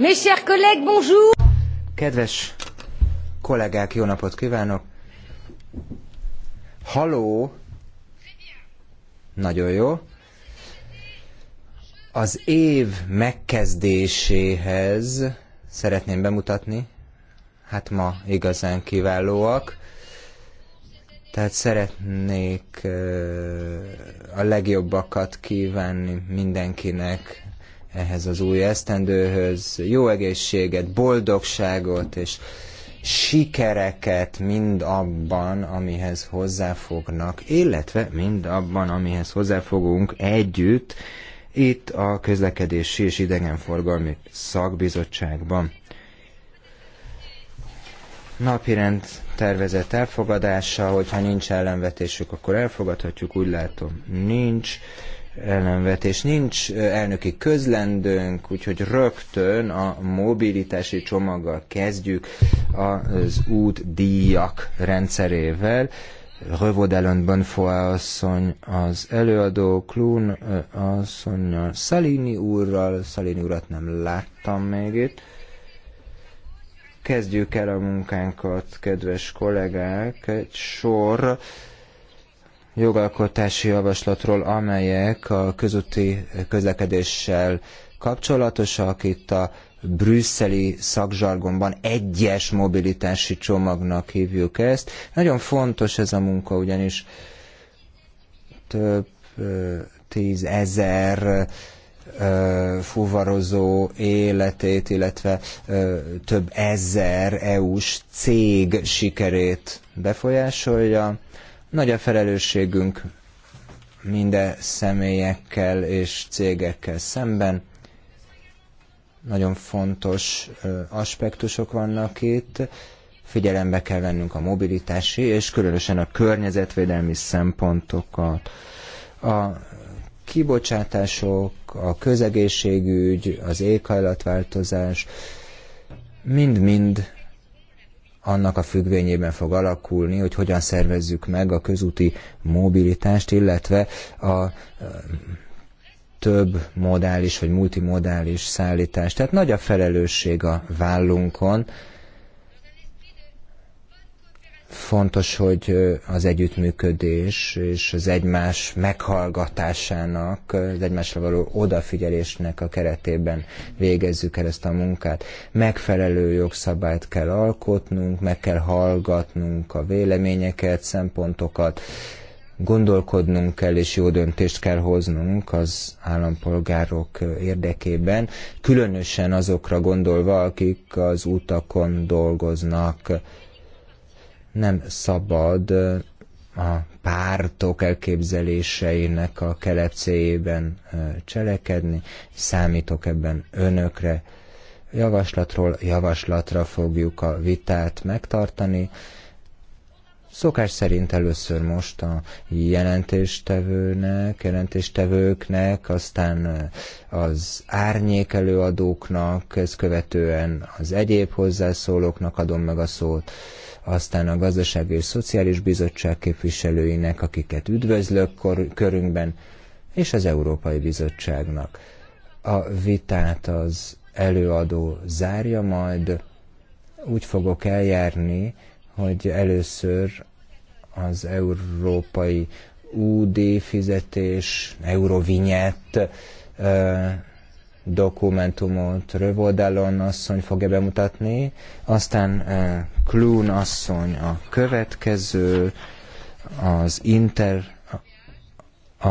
Mes chers collègues, bonjour! Kedves kollégák, jó napot kívánok! Halló! Nagyon jó. Az év megkezdéséhez szeretném bemutatni, hát ma igazán kiválóak, tehát szeretnék a legjobbakat kívánni mindenkinek ehhez az új esztendőhöz. Jó egészséget, boldogságot és sikereket mind abban, amihez hozzáfognak, illetve mind abban, amihez hozzáfogunk együtt, itt a közlekedési és idegenforgalmi szakbizottságban. Napirend tervezett elfogadása, hogyha nincs ellenvetésük, akkor elfogadhatjuk, úgy látom nincs ellenvetés. Nincs elnöki közlendőnk, úgyhogy rögtön a mobilitási csomaggal kezdjük az út díjak rendszerével. Rövodelen Bonfoy asszony az előadó, Klun asszony Szalini úrral, Szalini urat nem láttam még itt. Kezdjük el a munkánkat, kedves kollégák, egy sor jogalkotási javaslatról, amelyek a közúti közlekedéssel kapcsolatosak. Itt a brüsszeli szakzsargonban egyes mobilitási csomagnak hívjuk ezt. Nagyon fontos ez a munka, ugyanis több tízezer fuvarozó életét, illetve több ezer EU-s cég sikerét befolyásolja. Nagy a felelősségünk minden személyekkel és cégekkel szemben. Nagyon fontos aspektusok vannak itt. Figyelembe kell vennünk a mobilitási és különösen a környezetvédelmi szempontokat. A kibocsátások, a közegészségügy, az éghajlatváltozás mind-mind annak a függvényében fog alakulni, hogy hogyan szervezzük meg a közúti mobilitást, illetve a több modális vagy multimodális szállítást. Tehát nagy a felelősség a vállunkon, Fontos, hogy az együttműködés és az egymás meghallgatásának, az egymásra való odafigyelésnek a keretében végezzük el ezt a munkát. Megfelelő jogszabályt kell alkotnunk, meg kell hallgatnunk a véleményeket, szempontokat, gondolkodnunk kell és jó döntést kell hoznunk az állampolgárok érdekében, különösen azokra gondolva, akik az utakon dolgoznak nem szabad a pártok elképzeléseinek a kelepcéjében cselekedni. Számítok ebben önökre. Javaslatról javaslatra fogjuk a vitát megtartani, Szokás szerint először most a jelentéstevőnek, jelentéstevőknek, aztán eh, az árnyék előadóknak, ezt követően az egyéb hozzászólóknak adom meg a szót, aztán a Gazdasági és Szociális Bizottság képviselőinek, akiket üdvözlök körünkben, és az Európai Bizottságnak. A vitát az előadó zárja, majd úgy fogok eljárni, hogy először az európai UD fizetés, eurovinyett dokumentumot Rövoldalon asszony fogja bemutatni, aztán Klún asszony a következő, az Inter a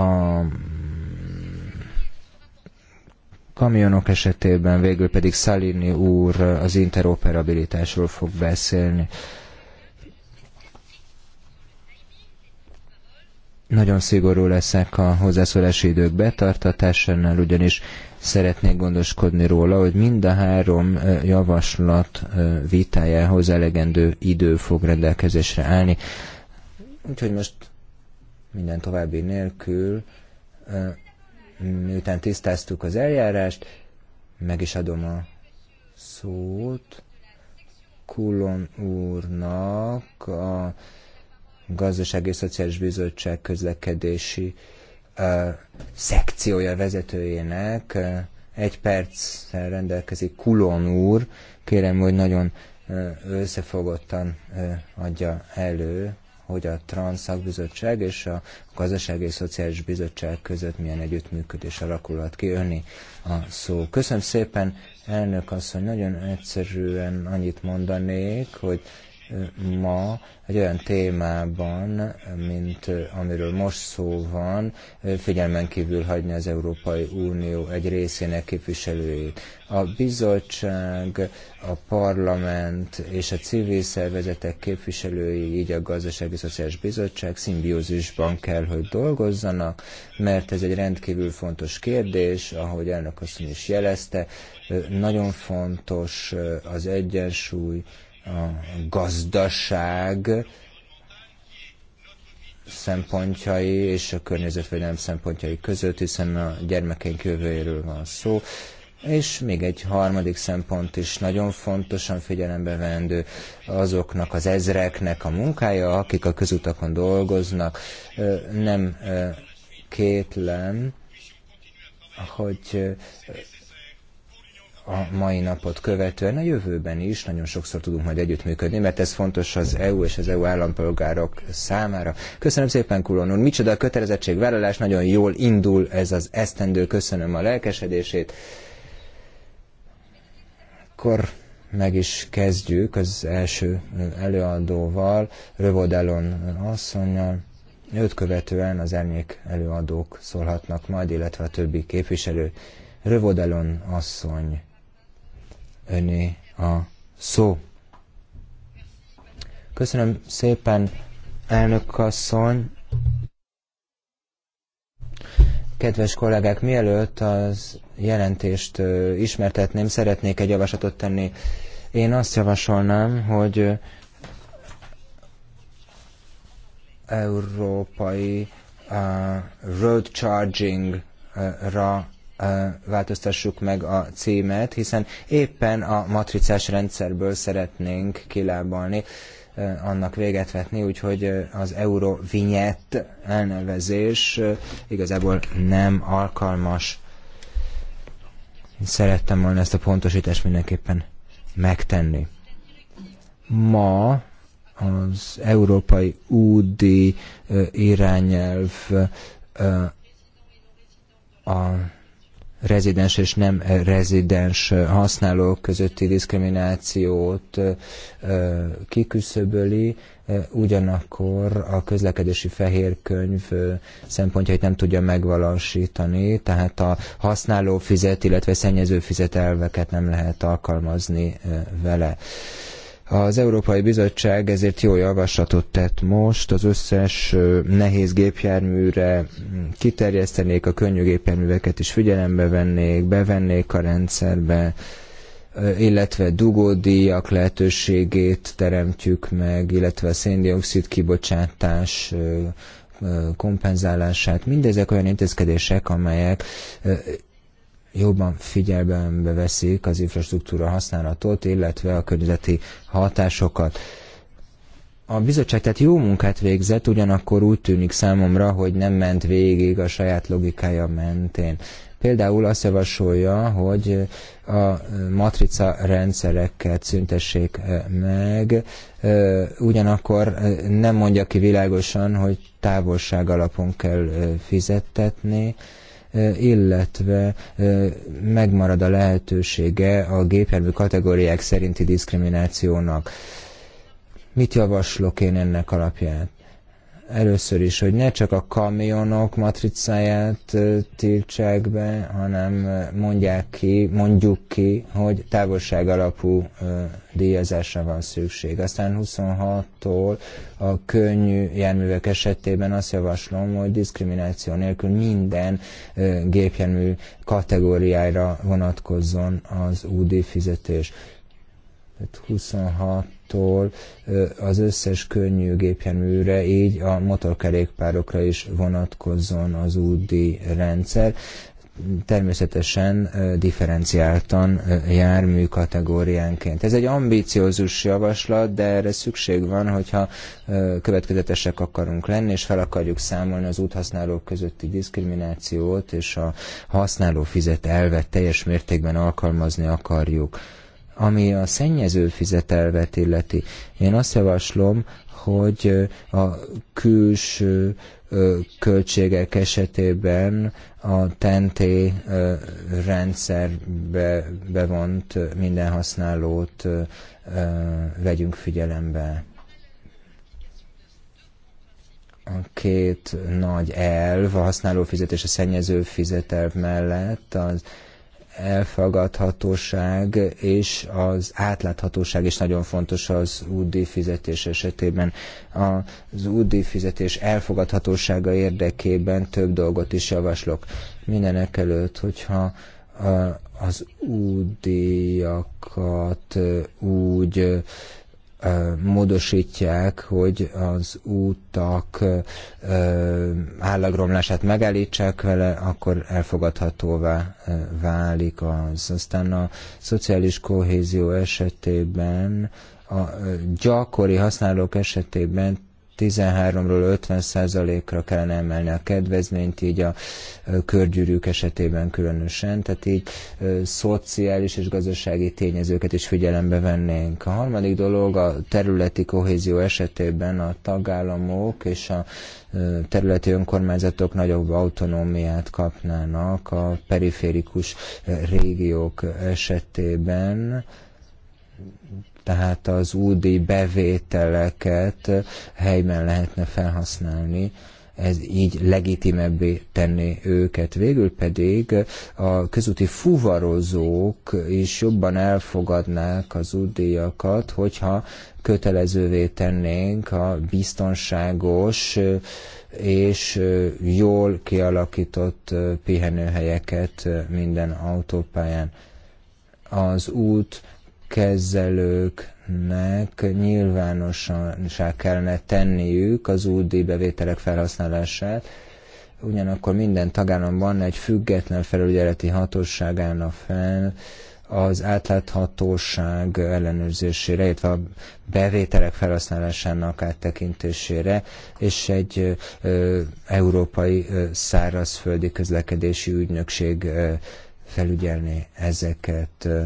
kamionok esetében végül pedig Salini úr az interoperabilitásról fog beszélni. Nagyon szigorú leszek a hozzászólási idők betartatásánál, ugyanis szeretnék gondoskodni róla, hogy mind a három javaslat vitájához elegendő idő fog rendelkezésre állni. Úgyhogy most minden további nélkül, miután tisztáztuk az eljárást, meg is adom a szót Kulon úrnak a Gazdasági Szociális Bizottság közlekedési uh, szekciója vezetőjének. Uh, egy perccel rendelkezik Kulon úr. Kérem, hogy nagyon uh, összefogottan uh, adja elő, hogy a Transzakbizottság és a Gazdasági és Szociális Bizottság között milyen együttműködés alakulhat ki. Önni a szó. Köszönöm szépen, elnök asszony, nagyon egyszerűen annyit mondanék, hogy ma egy olyan témában, mint amiről most szó van, figyelmen kívül hagyni az Európai Unió egy részének képviselőjét. A bizottság, a parlament és a civil szervezetek képviselői, így a Gazdasági Szociális Bizottság szimbiózisban kell, hogy dolgozzanak, mert ez egy rendkívül fontos kérdés, ahogy elnök asszony is jelezte, nagyon fontos az egyensúly, a gazdaság szempontjai és a környezetvédelem szempontjai között, hiszen a gyermekeink jövőjéről van szó. És még egy harmadik szempont is nagyon fontosan figyelembe vendő azoknak az ezreknek a munkája, akik a közutakon dolgoznak. Nem kétlem, hogy a mai napot követően a jövőben is nagyon sokszor tudunk majd együttműködni, mert ez fontos az EU és az EU állampolgárok számára. Köszönöm szépen, Kulon úr. Micsoda a kötelezettségvállalás, nagyon jól indul ez az esztendő. Köszönöm a lelkesedését. Akkor meg is kezdjük az első előadóval, Rövodelon asszonynal. Őt követően az elnyék előadók szólhatnak majd, illetve a többi képviselő. Rövodelon asszony öné a szó. Köszönöm szépen, elnök asszony. Kedves kollégák, mielőtt az jelentést ismertetném, szeretnék egy javaslatot tenni. Én azt javasolnám, hogy európai uh, road charging-ra változtassuk meg a címet, hiszen éppen a matricás rendszerből szeretnénk kilábalni, annak véget vetni, úgyhogy az Eurovignett elnevezés igazából nem alkalmas. Szerettem volna ezt a pontosítást mindenképpen megtenni. Ma az Európai Údi irányelv a rezidens és nem rezidens használók közötti diszkriminációt kiküszöböli, ugyanakkor a közlekedési fehérkönyv szempontjait nem tudja megvalósítani, tehát a használó fizet, illetve szennyező fizet elveket nem lehet alkalmazni vele. Az Európai Bizottság ezért jó javaslatot tett most, az összes nehéz gépjárműre kiterjesztenék, a könnyű gépjárműveket is figyelembe vennék, bevennék a rendszerbe, illetve dugódíjak lehetőségét teremtjük meg, illetve a széndiokszid kibocsátás kompenzálását. Mindezek olyan intézkedések, amelyek jobban figyelembe veszik az infrastruktúra használatot, illetve a környezeti hatásokat. A bizottság tehát jó munkát végzett, ugyanakkor úgy tűnik számomra, hogy nem ment végig a saját logikája mentén. Például azt javasolja, hogy a matrica rendszereket szüntessék eh, meg, eh, ugyanakkor eh, nem mondja ki világosan, hogy távolság alapon kell fizettetni, illetve megmarad a lehetősége a gépjármű kategóriák szerinti diszkriminációnak. Mit javaslok én ennek alapján? Először is, hogy ne csak a kamionok matricáját tiltsák be, hanem mondják ki, mondjuk ki, hogy távolság alapú díjazásra van szükség. Aztán 26-tól a könnyű járművek esetében azt javaslom, hogy diszkrimináció nélkül minden gépjármű kategóriára vonatkozzon az údi fizetés. 26 tól az összes könnyű gépjárműre, így a motorkerékpárokra is vonatkozzon az údi rendszer. Természetesen differenciáltan jármű kategóriánként. Ez egy ambíciózus javaslat, de erre szükség van, hogyha következetesek akarunk lenni, és fel akarjuk számolni az úthasználók közötti diszkriminációt, és a használó fizet elvet teljes mértékben alkalmazni akarjuk ami a szennyező fizetelvet illeti, én azt javaslom, hogy a külső költségek esetében a tenté rendszerbe bevont minden használót vegyünk figyelembe. A két nagy elv, a használó fizetés a szennyező fizetelv mellett az elfogadhatóság és az átláthatóság is nagyon fontos az UDI fizetés esetében. Az UDI fizetés elfogadhatósága érdekében több dolgot is javaslok. Mindenek előtt, hogyha az údiakat úgy módosítják, hogy az útak állagromlását megállítsák vele, akkor elfogadhatóvá válik az. Aztán a szociális kohézió esetében a gyakori használók esetében 13-ról 50%-ra kellene emelni a kedvezményt, így a körgyűrűk esetében különösen, tehát így szociális és gazdasági tényezőket is figyelembe vennénk. A harmadik dolog a területi kohézió esetében a tagállamok és a területi önkormányzatok nagyobb autonómiát kapnának a periférikus régiók esetében, tehát az údi bevételeket helyben lehetne felhasználni, ez így legitimebbé tenni őket. Végül pedig a közúti fuvarozók is jobban elfogadnák az útdíjakat, hogyha kötelezővé tennénk a biztonságos és jól kialakított pihenőhelyeket minden autópályán. Az út kezelőknek nyilvánosan kellene tenniük az údi bevételek felhasználását, ugyanakkor minden tagállamban egy független felügyeleti hatóság állna fel az átláthatóság ellenőrzésére, illetve a bevételek felhasználásának áttekintésére, és egy ö, európai ö, szárazföldi közlekedési ügynökség ö, felügyelni ezeket. Ö,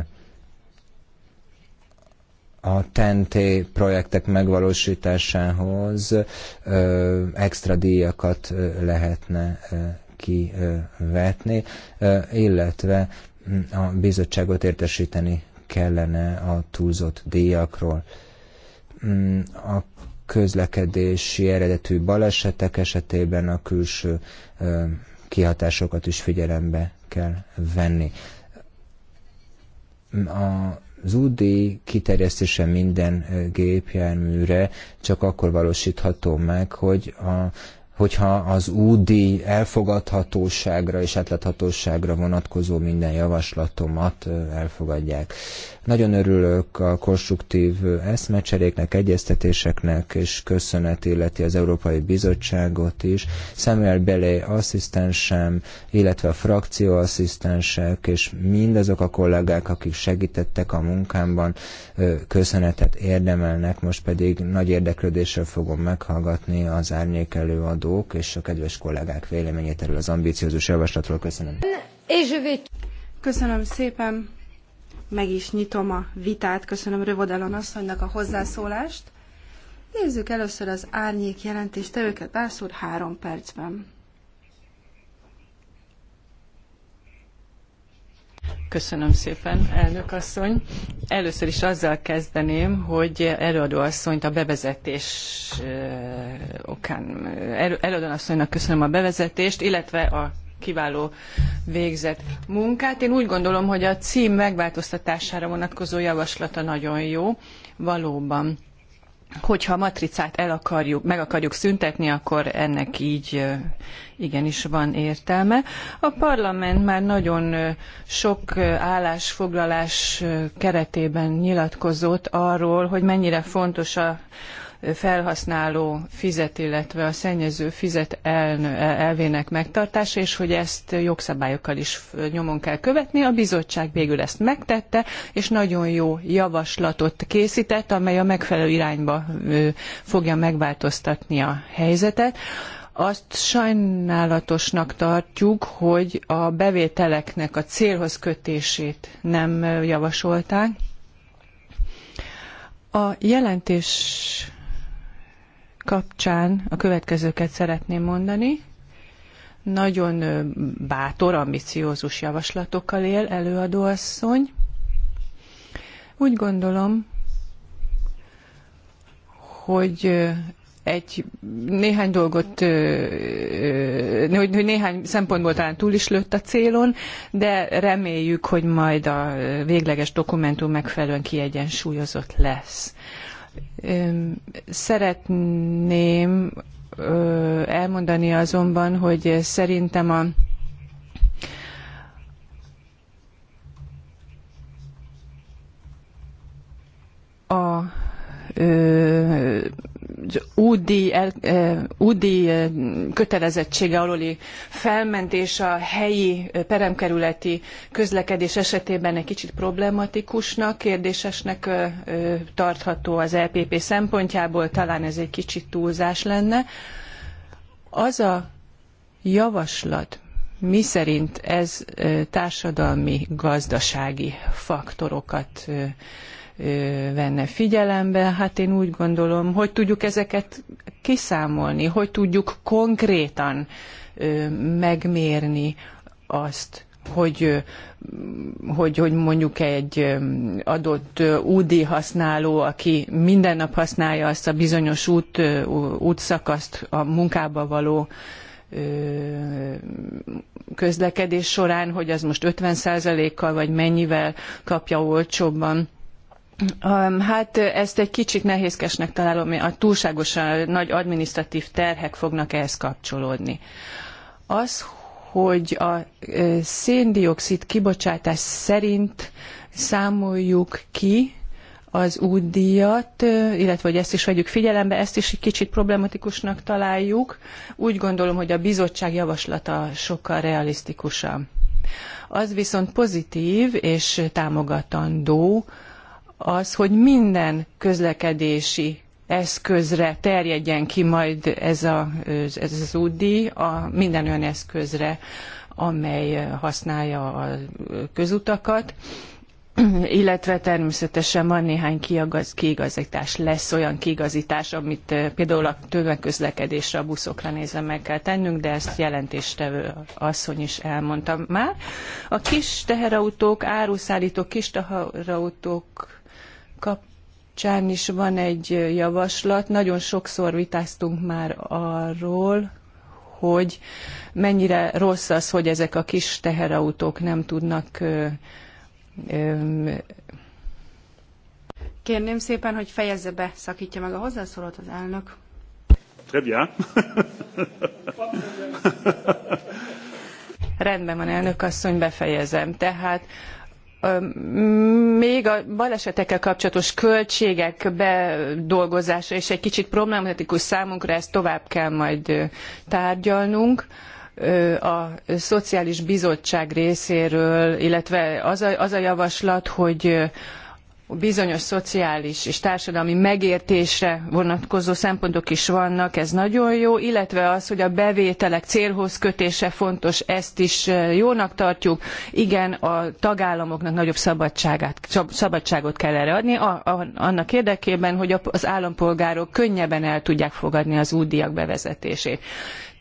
a TNT projektek megvalósításához ö, extra díjakat lehetne kivetni, illetve hm, a bizottságot értesíteni kellene a túlzott díjakról. Hm, a közlekedési eredetű balesetek esetében a külső kihatásokat is figyelembe kell venni. Hm, a az kiterjesztése minden eh, gépjárműre csak akkor valósítható meg, hogy a hogyha az údi elfogadhatóságra és átláthatóságra vonatkozó minden javaslatomat elfogadják. Nagyon örülök a konstruktív eszmecseréknek, egyeztetéseknek, és köszönet illeti az Európai Bizottságot is. Samuel Belé asszisztensem, illetve a frakcióasszisztensek, és mindazok a kollégák, akik segítettek a munkámban, köszönetet érdemelnek, most pedig nagy érdeklődéssel fogom meghallgatni az árnyék előadó hallgatók és a kedves kollégák véleményét erről az ambíciózus javaslatról. Köszönöm. Köszönöm szépen. Meg is nyitom a vitát. Köszönöm Rövodalon asszonynak a hozzászólást. Nézzük először az árnyék jelentést. jelentéstevőket. Bárszúr három percben. Köszönöm szépen, elnök asszony. Először is azzal kezdeném, hogy előadó asszonyt a bevezetés eh, okán, eh, előadó asszonynak köszönöm a bevezetést, illetve a kiváló végzett munkát. Én úgy gondolom, hogy a cím megváltoztatására vonatkozó javaslata nagyon jó, valóban hogyha a matricát el akarjuk, meg akarjuk szüntetni, akkor ennek így igenis van értelme. A parlament már nagyon sok állásfoglalás keretében nyilatkozott arról, hogy mennyire fontos a felhasználó fizet, illetve a szennyező fizet elvének megtartása, és hogy ezt jogszabályokkal is nyomon kell követni. A bizottság végül ezt megtette, és nagyon jó javaslatot készített, amely a megfelelő irányba fogja megváltoztatni a helyzetet azt sajnálatosnak tartjuk, hogy a bevételeknek a célhoz kötését nem javasolták. A jelentés kapcsán a következőket szeretném mondani. Nagyon bátor, ambiciózus javaslatokkal él előadóasszony. Úgy gondolom, hogy egy néhány dolgot, hogy néhány szempontból talán túl is lőtt a célon, de reméljük, hogy majd a végleges dokumentum megfelelően kiegyensúlyozott lesz. Szeretném elmondani azonban, hogy szerintem a a údi, el, údi kötelezettsége alóli felmentés a helyi peremkerületi közlekedés esetében egy kicsit problematikusnak, kérdésesnek tartható az LPP e szempontjából, talán ez egy kicsit túlzás lenne. Az a javaslat, miszerint ez társadalmi, gazdasági faktorokat venne figyelembe. Hát én úgy gondolom, hogy tudjuk ezeket kiszámolni, hogy tudjuk konkrétan megmérni azt, hogy, hogy, hogy mondjuk egy adott údi használó, aki minden nap használja azt a bizonyos út, útszakaszt a munkába való közlekedés során, hogy az most 50%-kal vagy mennyivel kapja olcsóbban Hát ezt egy kicsit nehézkesnek találom, a túlságosan nagy administratív terhek fognak ehhez kapcsolódni. Az, hogy a széndiokszid kibocsátás szerint számoljuk ki az útdíjat, illetve hogy ezt is vegyük figyelembe, ezt is egy kicsit problematikusnak találjuk. Úgy gondolom, hogy a bizottság javaslata sokkal realisztikusabb. Az viszont pozitív és támogatandó, az, hogy minden közlekedési eszközre terjedjen ki majd ez, a, ez az útdíj, a minden olyan eszközre, amely használja a közutakat illetve természetesen van néhány kiagaz, kiigazítás, lesz olyan kiigazítás, amit eh, például a tömegközlekedésre, a buszokra nézve meg kell tennünk, de ezt jelentéstevő asszony is elmondta már. A kis teherautók, áruszállító kis teherautók kapcsán is van egy javaslat. Nagyon sokszor vitáztunk már arról, hogy mennyire rossz az, hogy ezek a kis teherautók nem tudnak ö, ö, Kérném szépen, hogy fejezze be, szakítja meg a hozzászólót az elnök. Très Rendben van, elnök asszony, befejezem. Tehát még a balesetekkel kapcsolatos költségek bedolgozása és egy kicsit problematikus számunkra, ezt tovább kell majd tárgyalnunk a Szociális Bizottság részéről, illetve az a, az a javaslat, hogy bizonyos szociális és társadalmi megértésre vonatkozó szempontok is vannak, ez nagyon jó, illetve az, hogy a bevételek célhoz kötése fontos, ezt is jónak tartjuk. Igen, a tagállamoknak nagyobb szabadságát, szabadságot kell erre adni, a, a, annak érdekében, hogy az állampolgárok könnyebben el tudják fogadni az útdíjak bevezetését.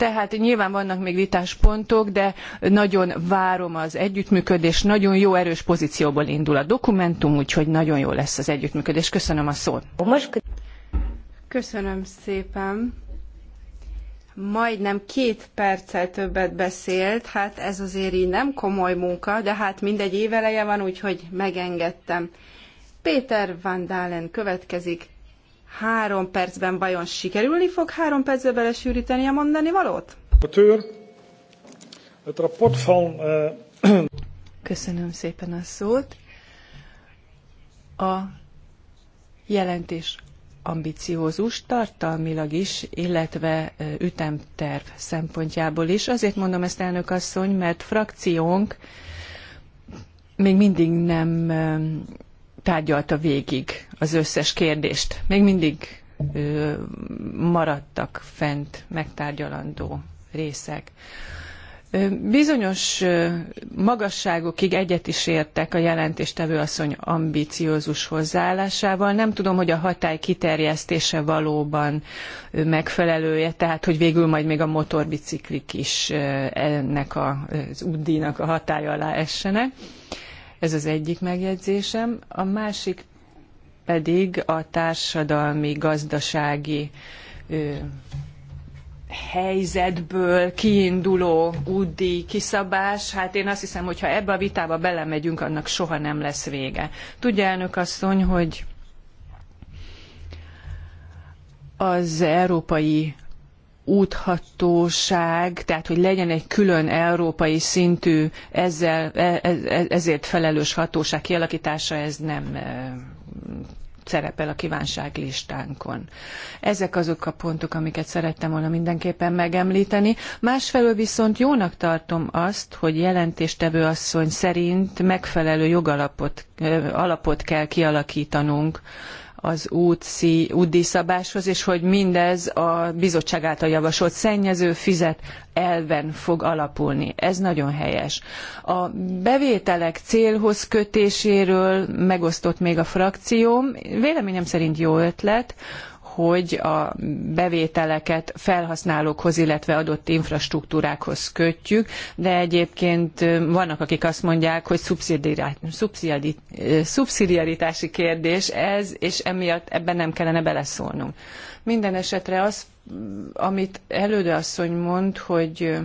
Tehát nyilván vannak még vitáspontok, de nagyon várom az együttműködést, nagyon jó erős pozícióból indul a dokumentum, úgyhogy nagyon jó lesz az együttműködés. Köszönöm a szót. Köszönöm szépen. Majdnem két perccel többet beszélt, hát ez azért így nem komoly munka, de hát mindegy éveleje van, úgyhogy megengedtem. Péter Van Dalen következik három percben vajon sikerülni fog három percbe belesűríteni a mondani valót? Eh, Köszönöm szépen a szót. A jelentés ambiciózus tartalmilag is, illetve eh, ütemterv szempontjából is. Azért mondom ezt, elnök asszony, mert frakciónk még mindig nem eh, tárgyalta végig az összes kérdést. Még mindig ö, maradtak fent megtárgyalandó részek. Ö, bizonyos ö, magasságokig egyet is értek a jelentéstevő asszony ambiciózus hozzáállásával. Nem tudom, hogy a hatály kiterjesztése valóban ö, megfelelője, tehát hogy végül majd még a motorbiciklik is ennek a, az útdíjnak a hatája alá essenek. Ö, ez az egyik megjegyzésem. A másik pedig a társadalmi, gazdasági ö, helyzetből kiinduló útdíj kiszabás, hát én azt hiszem, hogy ha ebbe a vitába belemegyünk, annak soha nem lesz vége. Tudja, elnök asszony, hogy az európai úthatóság, tehát hogy legyen egy külön európai szintű ezzel, e, e, e, ezért felelős hatóság kialakítása, ez nem szerepel a kívánság listánkon. Ezek azok a pontok, amiket szerettem volna mindenképpen megemlíteni. Másfelől viszont jónak tartom azt, hogy jelentéstevő asszony szerint megfelelő jogalapot alapot kell kialakítanunk az útszí, útdíjszabáshoz, és hogy mindez a bizottság által javasolt szennyező fizet elven fog alapulni. Ez nagyon helyes. A bevételek célhoz kötéséről megosztott még a frakcióm. Véleményem szerint jó ötlet, hogy a bevételeket felhasználókhoz, illetve adott infrastruktúrákhoz kötjük, de egyébként vannak, akik azt mondják, hogy szubszidiaritási kérdés ez, és emiatt ebben nem kellene beleszólnunk. Minden esetre az, amit elődő asszony mond, hogy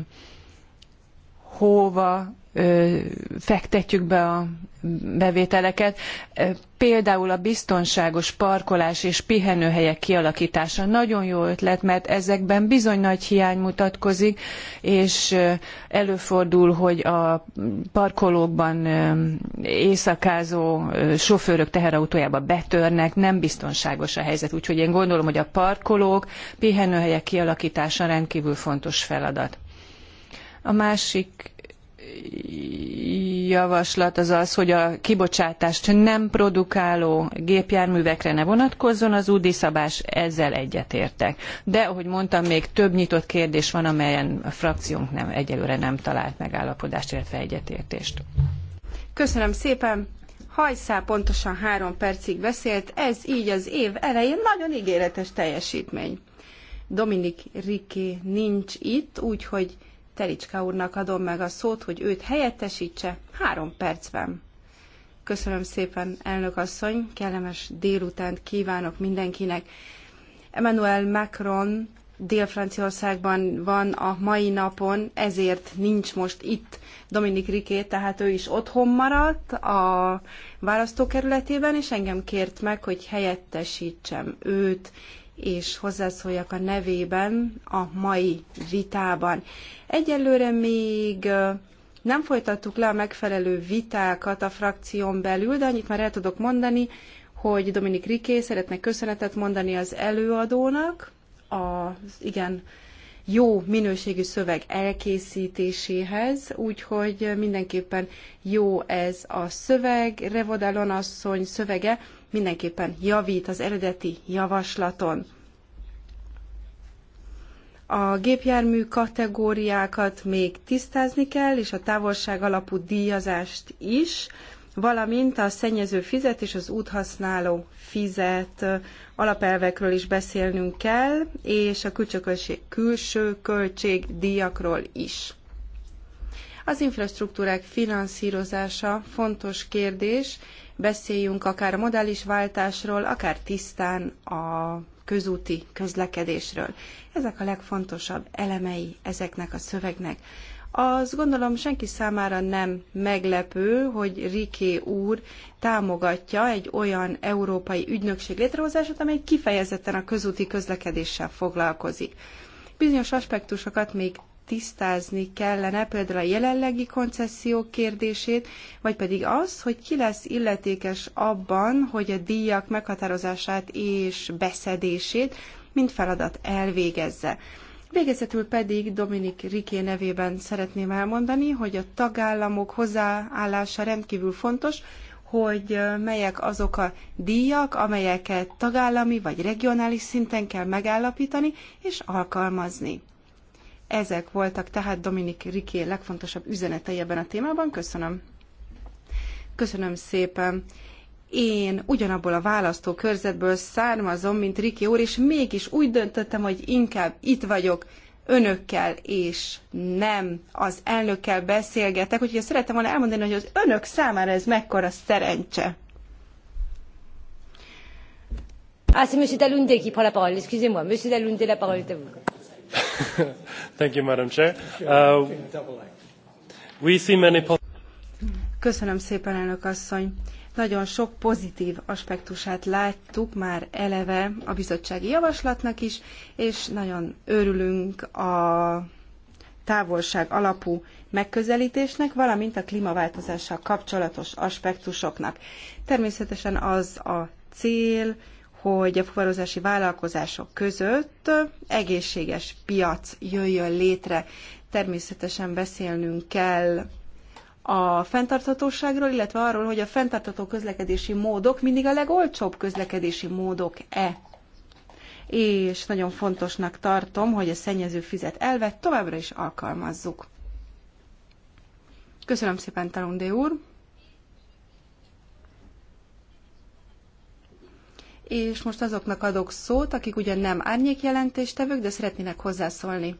hova fektetjük be a bevételeket. Például a biztonságos parkolás és pihenőhelyek kialakítása nagyon jó ötlet, mert ezekben bizony nagy hiány mutatkozik, és előfordul, hogy a parkolókban éjszakázó sofőrök teherautójába betörnek, nem biztonságos a helyzet. Úgyhogy én gondolom, hogy a parkolók, pihenőhelyek kialakítása rendkívül fontos feladat. A másik javaslat az az, hogy a kibocsátást nem produkáló gépjárművekre ne vonatkozzon az új díszabás, ezzel egyetértek. De, ahogy mondtam, még több nyitott kérdés van, amelyen a frakciónk nem, egyelőre nem talált megállapodást, illetve egyetértést. Köszönöm szépen! Hajszá pontosan három percig beszélt, ez így az év elején nagyon ígéretes teljesítmény. Dominik Riki nincs itt, úgyhogy Telicska úrnak adom meg a szót, hogy őt helyettesítse három percben. Köszönöm szépen, elnök asszony, kellemes délutánt kívánok mindenkinek. Emmanuel Macron Dél-Franciaországban van a mai napon, ezért nincs most itt Dominik Riké, tehát ő is otthon maradt a választókerületében, és engem kért meg, hogy helyettesítsem őt, és hozzászóljak a nevében a mai vitában. Egyelőre még nem folytattuk le a megfelelő vitákat a frakción belül, de annyit már el tudok mondani, hogy Dominik Riké szeretne köszönetet mondani az előadónak, az igen jó minőségű szöveg elkészítéséhez, úgyhogy mindenképpen jó ez a szöveg. Revodalon asszony szövege mindenképpen javít az eredeti javaslaton. A gépjármű kategóriákat még tisztázni kell, és a távolság alapú díjazást is, valamint a szennyező fizet és az úthasználó fizet alapelvekről is beszélnünk kell, és a külső, költség díjakról is. Az infrastruktúrák finanszírozása fontos kérdés, beszéljünk akár a modális váltásról, akár tisztán a közúti közlekedésről. Ezek a legfontosabb elemei ezeknek a szövegnek. Az gondolom senki számára nem meglepő, hogy Riké úr támogatja egy olyan európai ügynökség létrehozását, amely kifejezetten a közúti közlekedéssel foglalkozik. Bizonyos aspektusokat még tisztázni kellene, például a jelenlegi koncessziók kérdését, vagy pedig az, hogy ki lesz illetékes abban, hogy a díjak meghatározását és beszedését, mint feladat elvégezze. Végezetül pedig Dominik Riké nevében szeretném elmondani, hogy a tagállamok hozzáállása rendkívül fontos, hogy melyek azok a díjak, amelyeket tagállami vagy regionális szinten kell megállapítani és alkalmazni. Ezek voltak tehát Dominik Riké legfontosabb üzenetei ebben a témában. Köszönöm. Köszönöm szépen. Én ugyanabból a körzetből származom, mint Riki úr, és mégis úgy döntöttem, hogy inkább itt vagyok önökkel, és nem az elnökkel beszélgetek, úgyhogy szeretem volna elmondani, hogy az önök számára ez mekkora szerencse. Ah, c'est Monsieur Dalunde qui prend la parole. Excusez-moi, Monsieur Dalunde, la parole est à vous. Thank you, Madam Chair. Uh, we see many Köszönöm szépen, elnök asszony. Nagyon sok pozitív aspektusát láttuk már eleve a bizottsági javaslatnak is, és nagyon örülünk a távolság alapú megközelítésnek, valamint a klímaváltozással kapcsolatos aspektusoknak. Természetesen az a cél, hogy a fuvarozási vállalkozások között egészséges piac jöjjön létre. Természetesen beszélnünk kell a fenntarthatóságról, illetve arról, hogy a fenntartható közlekedési módok mindig a legolcsóbb közlekedési módok-e. És nagyon fontosnak tartom, hogy a szennyező fizet elvet továbbra is alkalmazzuk. Köszönöm szépen, Talundé úr! és most azoknak adok szót, akik ugyan nem árnyékjelentéstevők, de szeretnének hozzászólni.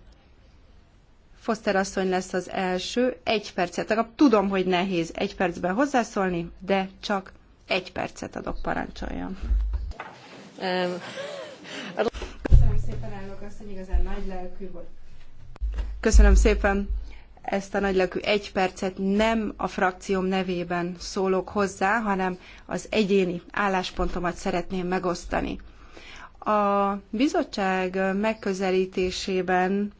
Foster asszony lesz az első, egy percet. Akkor tudom, hogy nehéz egy percben hozzászólni, de csak egy percet adok, parancsoljon. Köszönöm szépen, elnök asszony, igazán nagy lelkű volt. Köszönöm szépen ezt a nagylakű egy percet nem a frakcióm nevében szólok hozzá, hanem az egyéni álláspontomat szeretném megosztani. A bizottság megközelítésében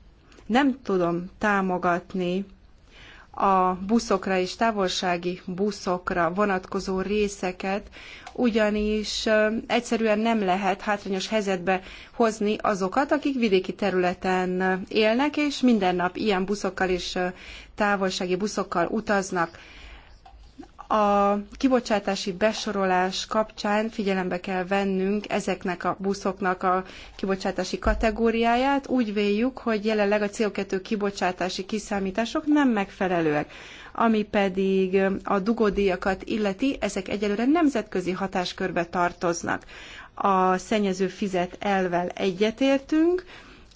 nem tudom támogatni a buszokra és távolsági buszokra vonatkozó részeket, ugyanis egyszerűen nem lehet hátrányos helyzetbe hozni azokat, akik vidéki területen élnek, és minden nap ilyen buszokkal és távolsági buszokkal utaznak a kibocsátási besorolás kapcsán figyelembe kell vennünk ezeknek a buszoknak a kibocsátási kategóriáját. Úgy véljük, hogy jelenleg a CO2 kibocsátási kiszámítások nem megfelelőek. Ami pedig a dugódíjakat illeti, ezek egyelőre nemzetközi hatáskörbe tartoznak. A szennyező fizet elvel egyetértünk,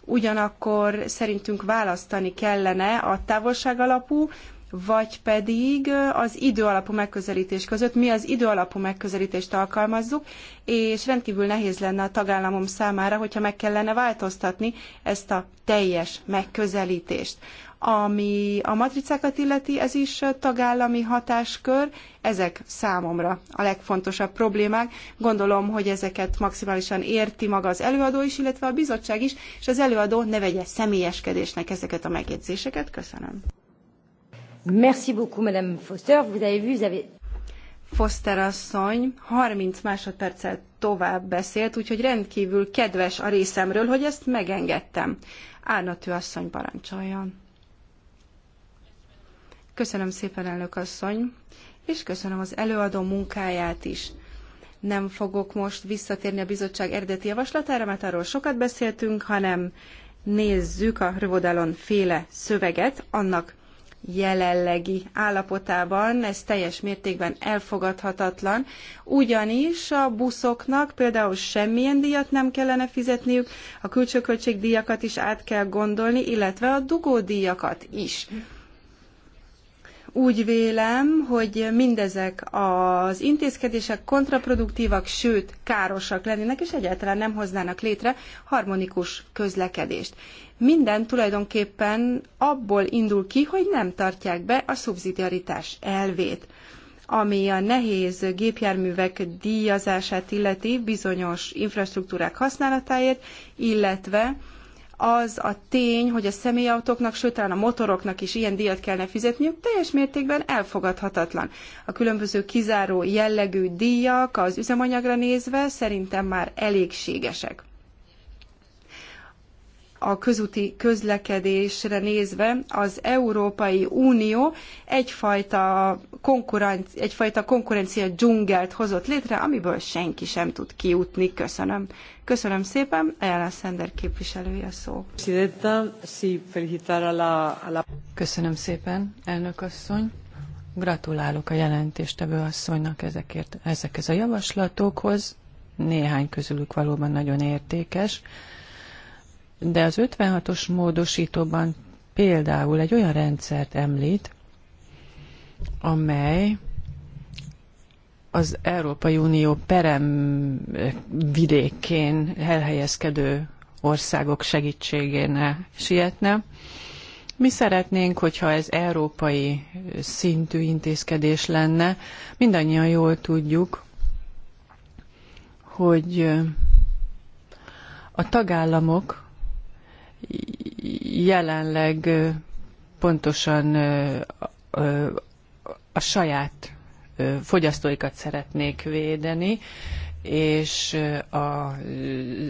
ugyanakkor szerintünk választani kellene a távolság alapú vagy pedig az időalapú megközelítés között. Mi az időalapú megközelítést alkalmazzuk, és rendkívül nehéz lenne a tagállamom számára, hogyha meg kellene változtatni ezt a teljes megközelítést. Ami a matricákat illeti, ez is tagállami hatáskör, ezek számomra a legfontosabb problémák. Gondolom, hogy ezeket maximálisan érti maga az előadó is, illetve a bizottság is, és az előadó ne vegye személyeskedésnek ezeket a megjegyzéseket. Köszönöm. Merci beaucoup, Madame Foster. Vous avez vu, vous avez... Foster asszony 30 másodperccel tovább beszélt, úgyhogy rendkívül kedves a részemről, hogy ezt megengedtem. Árnatő asszony parancsoljon. Köszönöm szépen, elnök asszony, és köszönöm az előadó munkáját is. Nem fogok most visszatérni a bizottság eredeti javaslatára, mert arról sokat beszéltünk, hanem nézzük a rövodalon féle szöveget, annak jelenlegi állapotában. Ez teljes mértékben elfogadhatatlan, ugyanis a buszoknak például semmilyen díjat nem kellene fizetniük, a díjakat is át kell gondolni, illetve a dugódíjakat is. Úgy vélem, hogy mindezek az intézkedések kontraproduktívak, sőt, károsak lennének, és egyáltalán nem hoznának létre harmonikus közlekedést. Minden tulajdonképpen abból indul ki, hogy nem tartják be a szubszidiaritás elvét ami a nehéz gépjárművek díjazását illeti bizonyos infrastruktúrák használatáért, illetve az a tény, hogy a személyautóknak, sőt talán a motoroknak is ilyen díjat kellene fizetniük, teljes mértékben elfogadhatatlan. A különböző kizáró jellegű díjak az üzemanyagra nézve szerintem már elégségesek a közúti közlekedésre nézve az Európai Unió egyfajta, konkurenci, egyfajta konkurencia dzsungelt hozott létre, amiből senki sem tud kijutni. Köszönöm. Köszönöm szépen, Ejala Szender képviselője a szó. Köszönöm szépen, elnök asszony. Gratulálok a jelentéstevő asszonynak ezekért, ezekhez a javaslatokhoz. Néhány közülük valóban nagyon értékes. De az 56-os módosítóban például egy olyan rendszert említ, amely az Európai Unió perem eh, vidékén elhelyezkedő országok segítségéne sietne. Mi szeretnénk, hogyha ez európai szintű intézkedés lenne. Mindannyian jól tudjuk, hogy eh, a tagállamok jelenleg eh, pontosan a saját fogyasztóikat szeretnék védeni, és a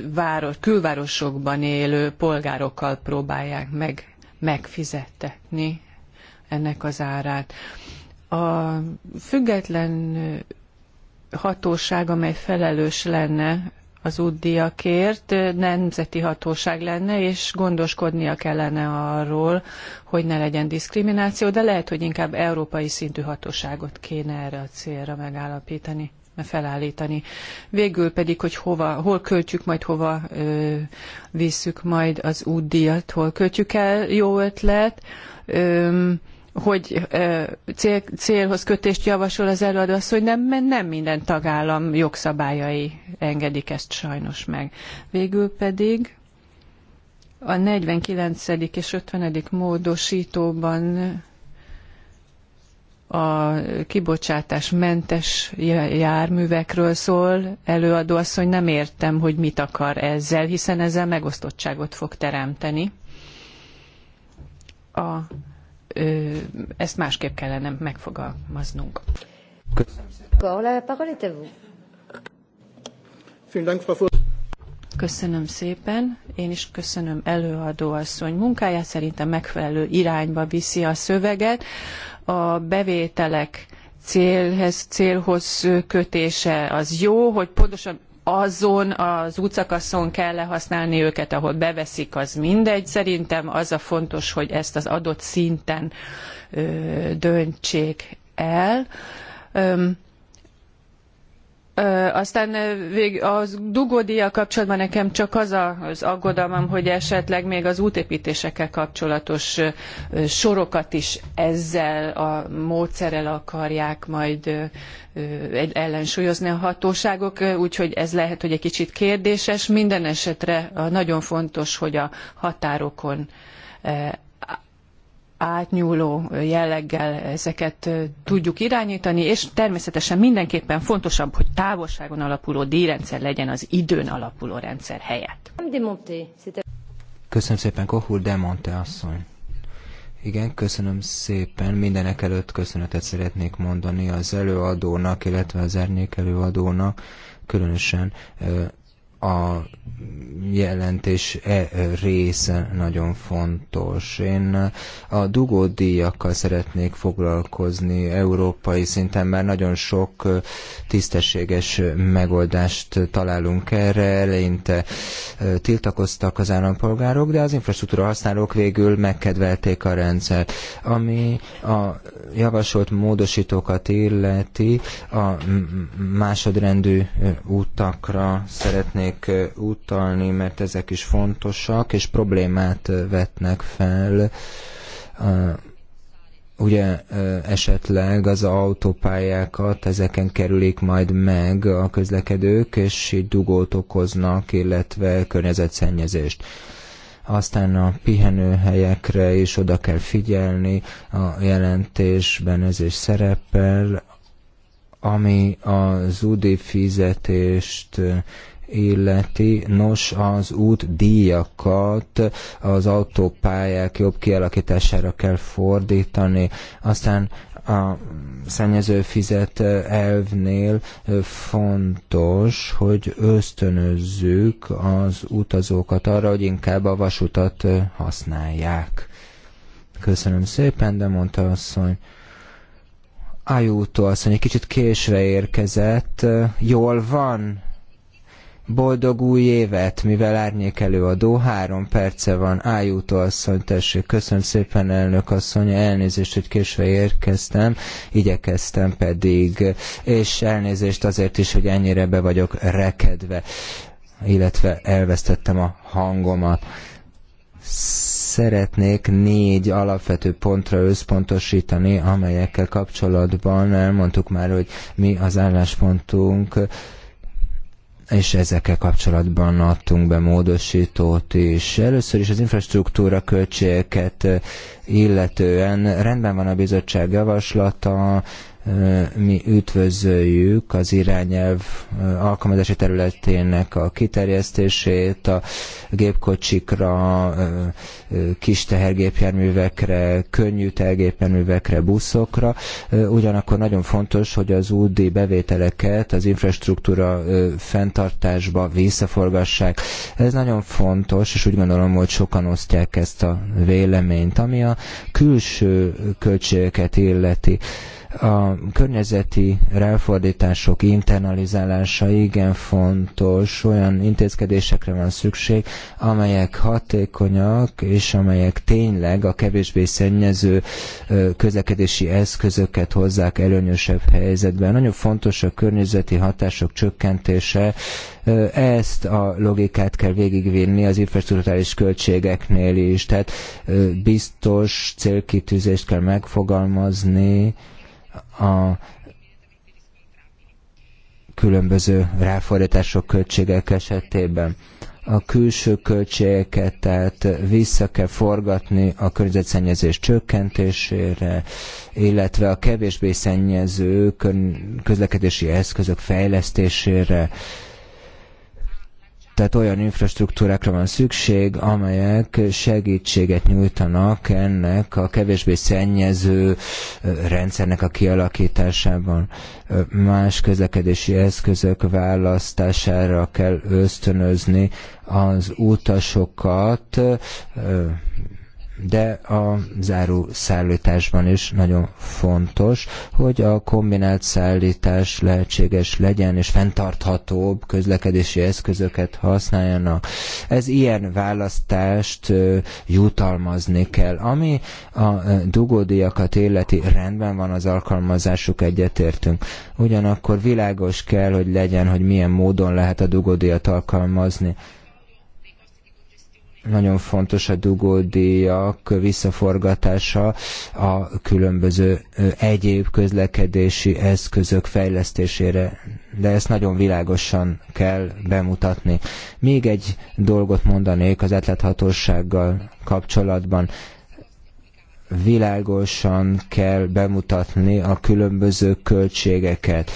város, külvárosokban élő polgárokkal próbálják meg megfizettetni ennek az árát. A független hatóság, amely felelős lenne az útdiakért nemzeti hatóság lenne, és gondoskodnia kellene arról, hogy ne legyen diszkrimináció, de lehet, hogy inkább európai szintű hatóságot kéne erre a célra megállapítani felállítani. Végül pedig, hogy hova, hol költjük majd, hova ö, visszük majd az útdíjat, hol költjük el, jó ötlet. Ö, hogy cél, célhoz kötést javasol az előadó, az, hogy nem, nem minden tagállam jogszabályai engedik ezt sajnos meg. Végül pedig a 49. és 50. módosítóban a kibocsátás mentes járművekről szól előadó azt, hogy nem értem, hogy mit akar ezzel, hiszen ezzel megosztottságot fog teremteni. A ezt másképp kellene megfogalmaznunk. Köszönöm. Köszönöm szépen. Én is köszönöm előadó asszony munkáját. Szerintem megfelelő irányba viszi a szöveget. A bevételek célhez, célhoz kötése az jó, hogy pontosan azon az útszakaszon kell lehasználni őket, ahol beveszik, az mindegy. Szerintem az a fontos, hogy ezt az adott szinten ö, döntsék el. Aztán a dugódíjjal kapcsolatban nekem csak az az aggodalmam, hogy esetleg még az útépítésekkel kapcsolatos sorokat is ezzel a módszerrel akarják majd ellensúlyozni a hatóságok, úgyhogy ez lehet, hogy egy kicsit kérdéses. Minden esetre nagyon fontos, hogy a határokon átnyúló jelleggel ezeket tudjuk irányítani, és természetesen mindenképpen fontosabb, hogy távolságon alapuló díjrendszer legyen az időn alapuló rendszer helyett. Köszönöm szépen, Kohul Demonte asszony. Igen, köszönöm szépen. Mindenek előtt köszönetet szeretnék mondani az előadónak, illetve az árnyék előadónak, különösen a jelentés e része nagyon fontos. Én a dugódíjakkal szeretnék foglalkozni európai szinten, mert nagyon sok tisztességes megoldást találunk erre. Eleinte e, tiltakoztak az állampolgárok, de az infrastruktúra használók végül megkedvelték a rendszer. Ami a javasolt módosítókat illeti, a másodrendű e, utakra szeretnék szeretnék utalni, mert ezek is fontosak, és problémát vetnek fel. Ugye esetleg az autópályákat ezeken kerülik majd meg a közlekedők, és így dugót okoznak, illetve környezetszennyezést aztán a pihenőhelyekre is oda kell figyelni, a jelentésben ez is szerepel, ami az UDI fizetést illeti, nos az út díjakat az autópályák jobb kialakítására kell fordítani. Aztán a szennyező fizet elvnél fontos, hogy ösztönözzük az utazókat arra, hogy inkább a vasutat használják. Köszönöm szépen, de mondta asszony. Ajútó asszony egy kicsit késve érkezett. Jól van? Boldog új évet, mivel árnyék előadó, három perce van, ájútó asszony, tessék, köszönöm szépen elnök asszony, elnézést, hogy késve érkeztem, igyekeztem pedig, és elnézést azért is, hogy ennyire be vagyok rekedve, illetve elvesztettem a hangomat szeretnék négy alapvető pontra összpontosítani, amelyekkel kapcsolatban elmondtuk már, hogy mi az álláspontunk és ezekkel kapcsolatban adtunk be módosítót is. Először is az infrastruktúra költségeket illetően rendben van a bizottság javaslata, mi üdvözöljük az irányelv alkalmazási területének a kiterjesztését a gépkocsikra, kis tehergépjárművekre, könnyű tehergépjárművekre, buszokra. Ugyanakkor nagyon fontos, hogy az údi bevételeket az infrastruktúra fenntartásba visszaforgassák. Ez nagyon fontos, és úgy gondolom, hogy sokan osztják ezt a véleményt, ami a külső költségeket illeti a környezeti ráfordítások internalizálása igen fontos, olyan intézkedésekre van szükség, amelyek hatékonyak, és amelyek tényleg a kevésbé szennyező közlekedési eszközöket hozzák előnyösebb helyzetben. Nagyon fontos a környezeti hatások csökkentése, ezt a logikát kell végigvinni az infrastruktúrális költségeknél is, tehát biztos célkitűzést kell megfogalmazni, a különböző ráfordítások költségek esetében. A külső költségeket tehát vissza kell forgatni a környezetszennyezés csökkentésére, illetve a kevésbé szennyező közlekedési eszközök fejlesztésére, tehát olyan infrastruktúrákra van szükség, amelyek segítséget nyújtanak ennek a kevésbé szennyező rendszernek a kialakításában. Más közlekedési eszközök választására kell ösztönözni az utasokat, de a záró szállításban is nagyon fontos, hogy a kombinált szállítás lehetséges legyen, és fenntarthatóbb közlekedési eszközöket használjanak. Ez ilyen választást jutalmazni kell. Ami a dugódiakat életi rendben van az alkalmazásuk, egyetértünk. Ugyanakkor világos kell, hogy legyen, hogy milyen módon lehet a dugódiat alkalmazni. Nagyon fontos a dugódíjak visszaforgatása a különböző egyéb közlekedési eszközök fejlesztésére, de ezt nagyon világosan kell bemutatni. Még egy dolgot mondanék az etlethatósággal kapcsolatban világosan kell bemutatni a különböző költségeket.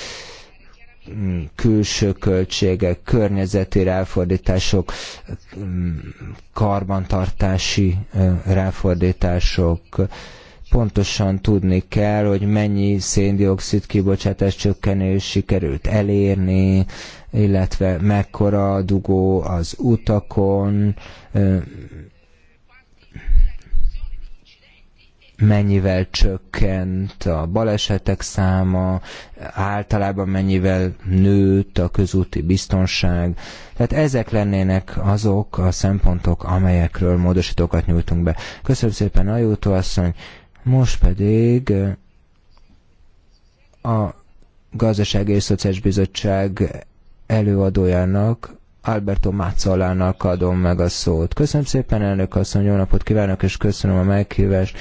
Mm, külső költségek, környezeti ráfordítások, mm, karbantartási ráfordítások. Pontosan tudni kell, hogy mennyi széndiokszid kibocsátás csökkenés sikerült elérni, illetve mekkora dugó az utakon, mennyivel csökkent a balesetek száma, általában mennyivel nőtt a közúti biztonság. Tehát ezek lennének azok a szempontok, amelyekről módosítókat nyújtunk be. Köszönöm szépen, Ajutó asszony. Most pedig eh, a Gazdasági és Szociális Bizottság előadójának, Alberto Mazzolának adom meg a szót. Köszönöm szépen, elnök asszony, jó napot kívánok, és köszönöm a meghívást.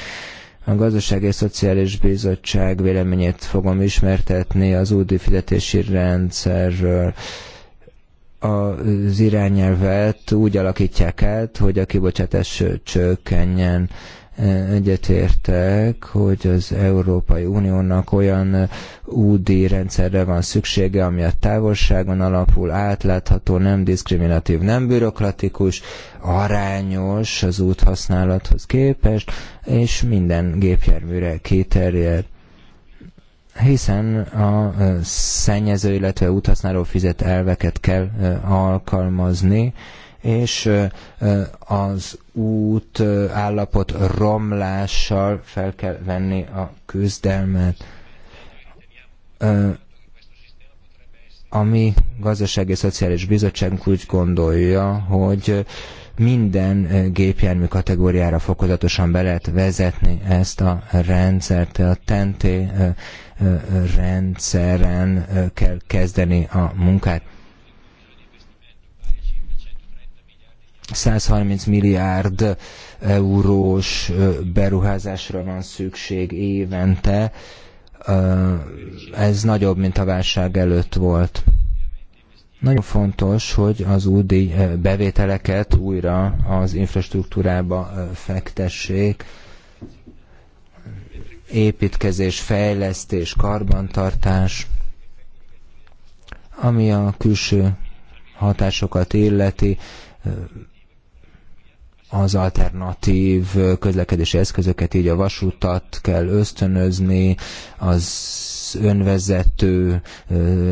A Gazdasági és Szociális Bizottság véleményét fogom ismertetni az új fizetési rendszerről az irányelvet úgy alakítják át, hogy a kibocsátás csökkenjen E, egyetértek, hogy az Európai Uniónak olyan údi e, rendszerre van szüksége, ami a távolságon alapul, átlátható, nem diszkriminatív, nem bürokratikus, arányos az úthasználathoz képest, és minden gépjárműre kiterjed hiszen a e, szennyező, illetve úthasználó fizet elveket kell alkalmazni, és az út állapot romlással fel kell venni a küzdelmet. A mi Gazdasági Szociális Bizottságunk úgy gondolja, hogy minden gépjármű kategóriára fokozatosan be lehet vezetni ezt a rendszert, a TNT rendszeren kell kezdeni a munkát. 130 milliárd eurós beruházásra van szükség évente. Ez nagyobb, mint a válság előtt volt. Nagyon fontos, hogy az údi bevételeket újra az infrastruktúrába fektessék. Építkezés, fejlesztés, karbantartás, ami a külső hatásokat illeti, az alternatív közlekedési eszközöket, így a vasutat kell ösztönözni, az önvezető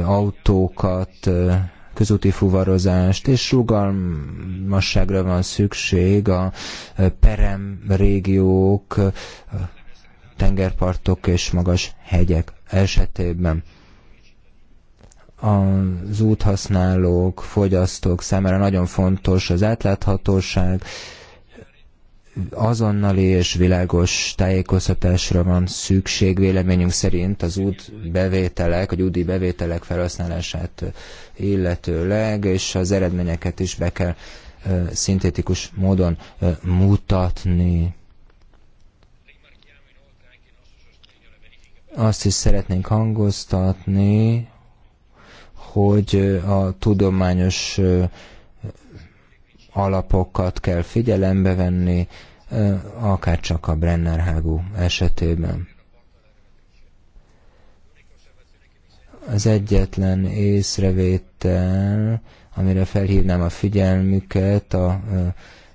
autókat, közúti fuvarozást, és rugalmasságra van szükség a perem régiók, tengerpartok és magas hegyek esetében az úthasználók, fogyasztók számára nagyon fontos az átláthatóság, azonnali és világos tájékoztatásra van szükség véleményünk szerint az út bevételek, vagy údi bevételek felhasználását illetőleg, és az eredményeket is be kell szintetikus módon mutatni. Azt is szeretnénk hangoztatni, hogy a tudományos alapokat kell figyelembe venni, akár csak a hágú esetében. Az egyetlen észrevétel, amire felhívnám a figyelmüket, a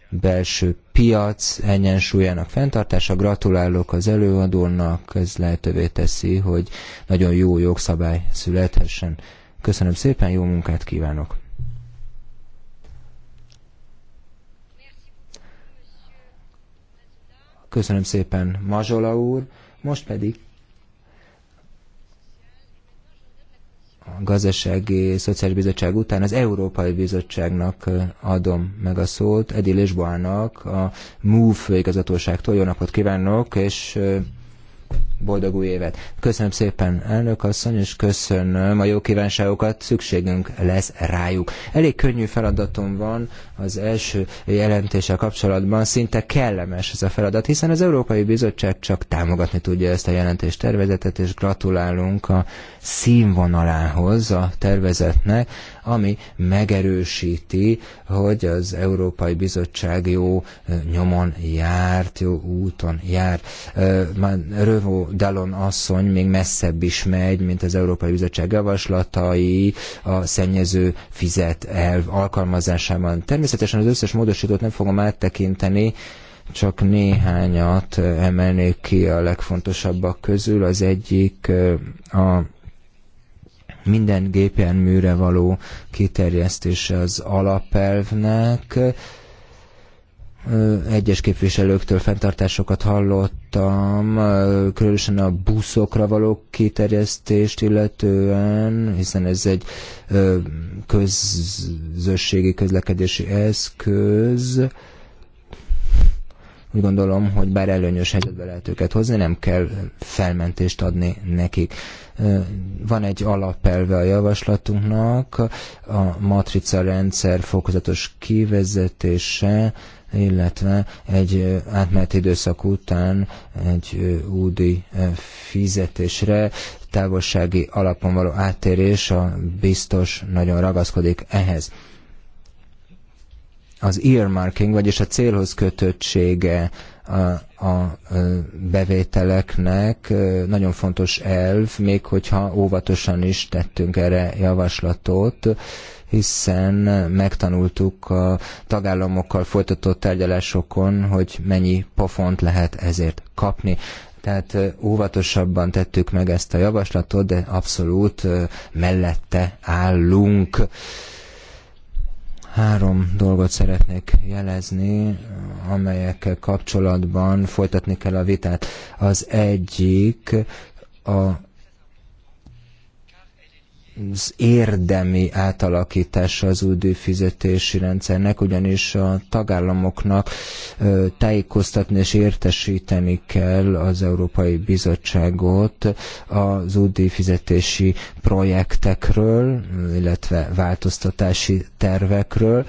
belső piac egyensúlyának fenntartása. Gratulálok az előadónak, ez lehetővé teszi, hogy nagyon jó jogszabály születhessen. Köszönöm szépen, jó munkát kívánok! Köszönöm szépen, Mazsola úr. Most pedig a Gazdasági Szociális Bizottság után az Európai Bizottságnak adom meg a szót, Edi Lisboának, a MOVE igazgatóságtól. Jó napot kívánok, és boldog új évet. Köszönöm szépen, elnök asszony, és köszönöm a jó kívánságokat, szükségünk lesz rájuk. Elég könnyű feladatom van az első jelentéssel kapcsolatban, szinte kellemes ez a feladat, hiszen az Európai Bizottság csak támogatni tudja ezt a jelentést tervezetet, és gratulálunk a színvonalához a tervezetnek, ami megerősíti, hogy az Európai Bizottság jó nyomon járt, jó úton jár. Rövó Dalon asszony még messzebb is megy, mint az Európai Bizottság javaslatai, a szennyező fizet elv alkalmazásában. Természetesen az összes módosítót nem fogom áttekinteni, csak néhányat emelnék ki a legfontosabbak közül. Az egyik a minden gépjárműre való kiterjesztése az alapelvnek. Egyes képviselőktől fenntartásokat hallottam, különösen a buszokra való kiterjesztést illetően, hiszen ez egy közösségi közlekedési eszköz, úgy gondolom, hogy bár előnyös helyzetbe lehet őket hozni, nem kell felmentést adni nekik. Van egy alapelve a javaslatunknak, a matrica rendszer fokozatos kivezetése, illetve egy átmeneti időszak után egy údi fizetésre távolsági alapon való áttérés a biztos nagyon ragaszkodik ehhez az earmarking, vagyis a célhoz kötöttsége a, a bevételeknek nagyon fontos elv, még hogyha óvatosan is tettünk erre javaslatot, hiszen megtanultuk a tagállamokkal folytatott tárgyalásokon, hogy mennyi pofont lehet ezért kapni. Tehát óvatosabban tettük meg ezt a javaslatot, de abszolút mellette állunk. Három dolgot szeretnék jelezni, amelyekkel kapcsolatban folytatni kell a vitát. Az egyik a az érdemi átalakítása az új fizetési rendszernek, ugyanis a tagállamoknak tájékoztatni és értesíteni kell az Európai Bizottságot az új fizetési projektekről, illetve változtatási tervekről,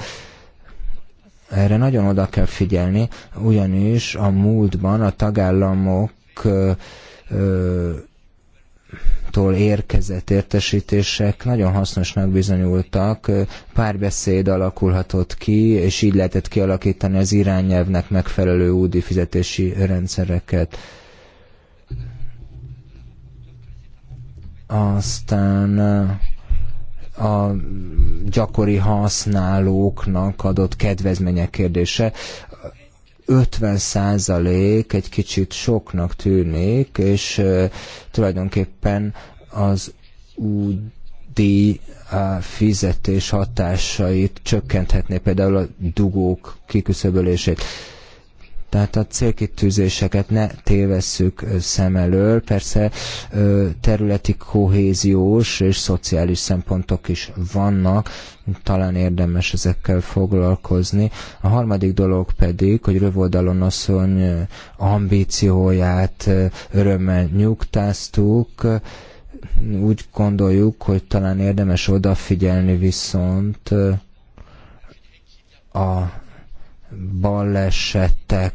erre nagyon oda kell figyelni, ugyanis a múltban a tagállamok Kínától érkezett értesítések nagyon hasznosnak bizonyultak, párbeszéd alakulhatott ki, és így lehetett kialakítani az irányelvnek megfelelő údi fizetési rendszereket. Aztán a gyakori használóknak adott kedvezmények kérdése. 50 százalék egy kicsit soknak tűnik, és tulajdonképpen az UDI fizetés hatásait csökkenthetné például a dugók kiküszöbölését. Tehát a célkitűzéseket ne tévesszük szem elől. Persze területi kohéziós és szociális szempontok is vannak, talán érdemes ezekkel foglalkozni. A harmadik dolog pedig, hogy rövoldalon asszony ambícióját örömmel nyugtáztuk, úgy gondoljuk, hogy talán érdemes odafigyelni viszont a balesetek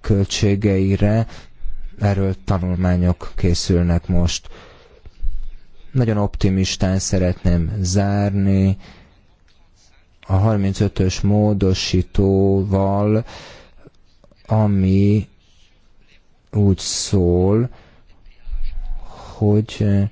költségeire, erről tanulmányok készülnek most. Nagyon optimistán szeretném zárni a 35-ös módosítóval, ami úgy szól, hogy eh,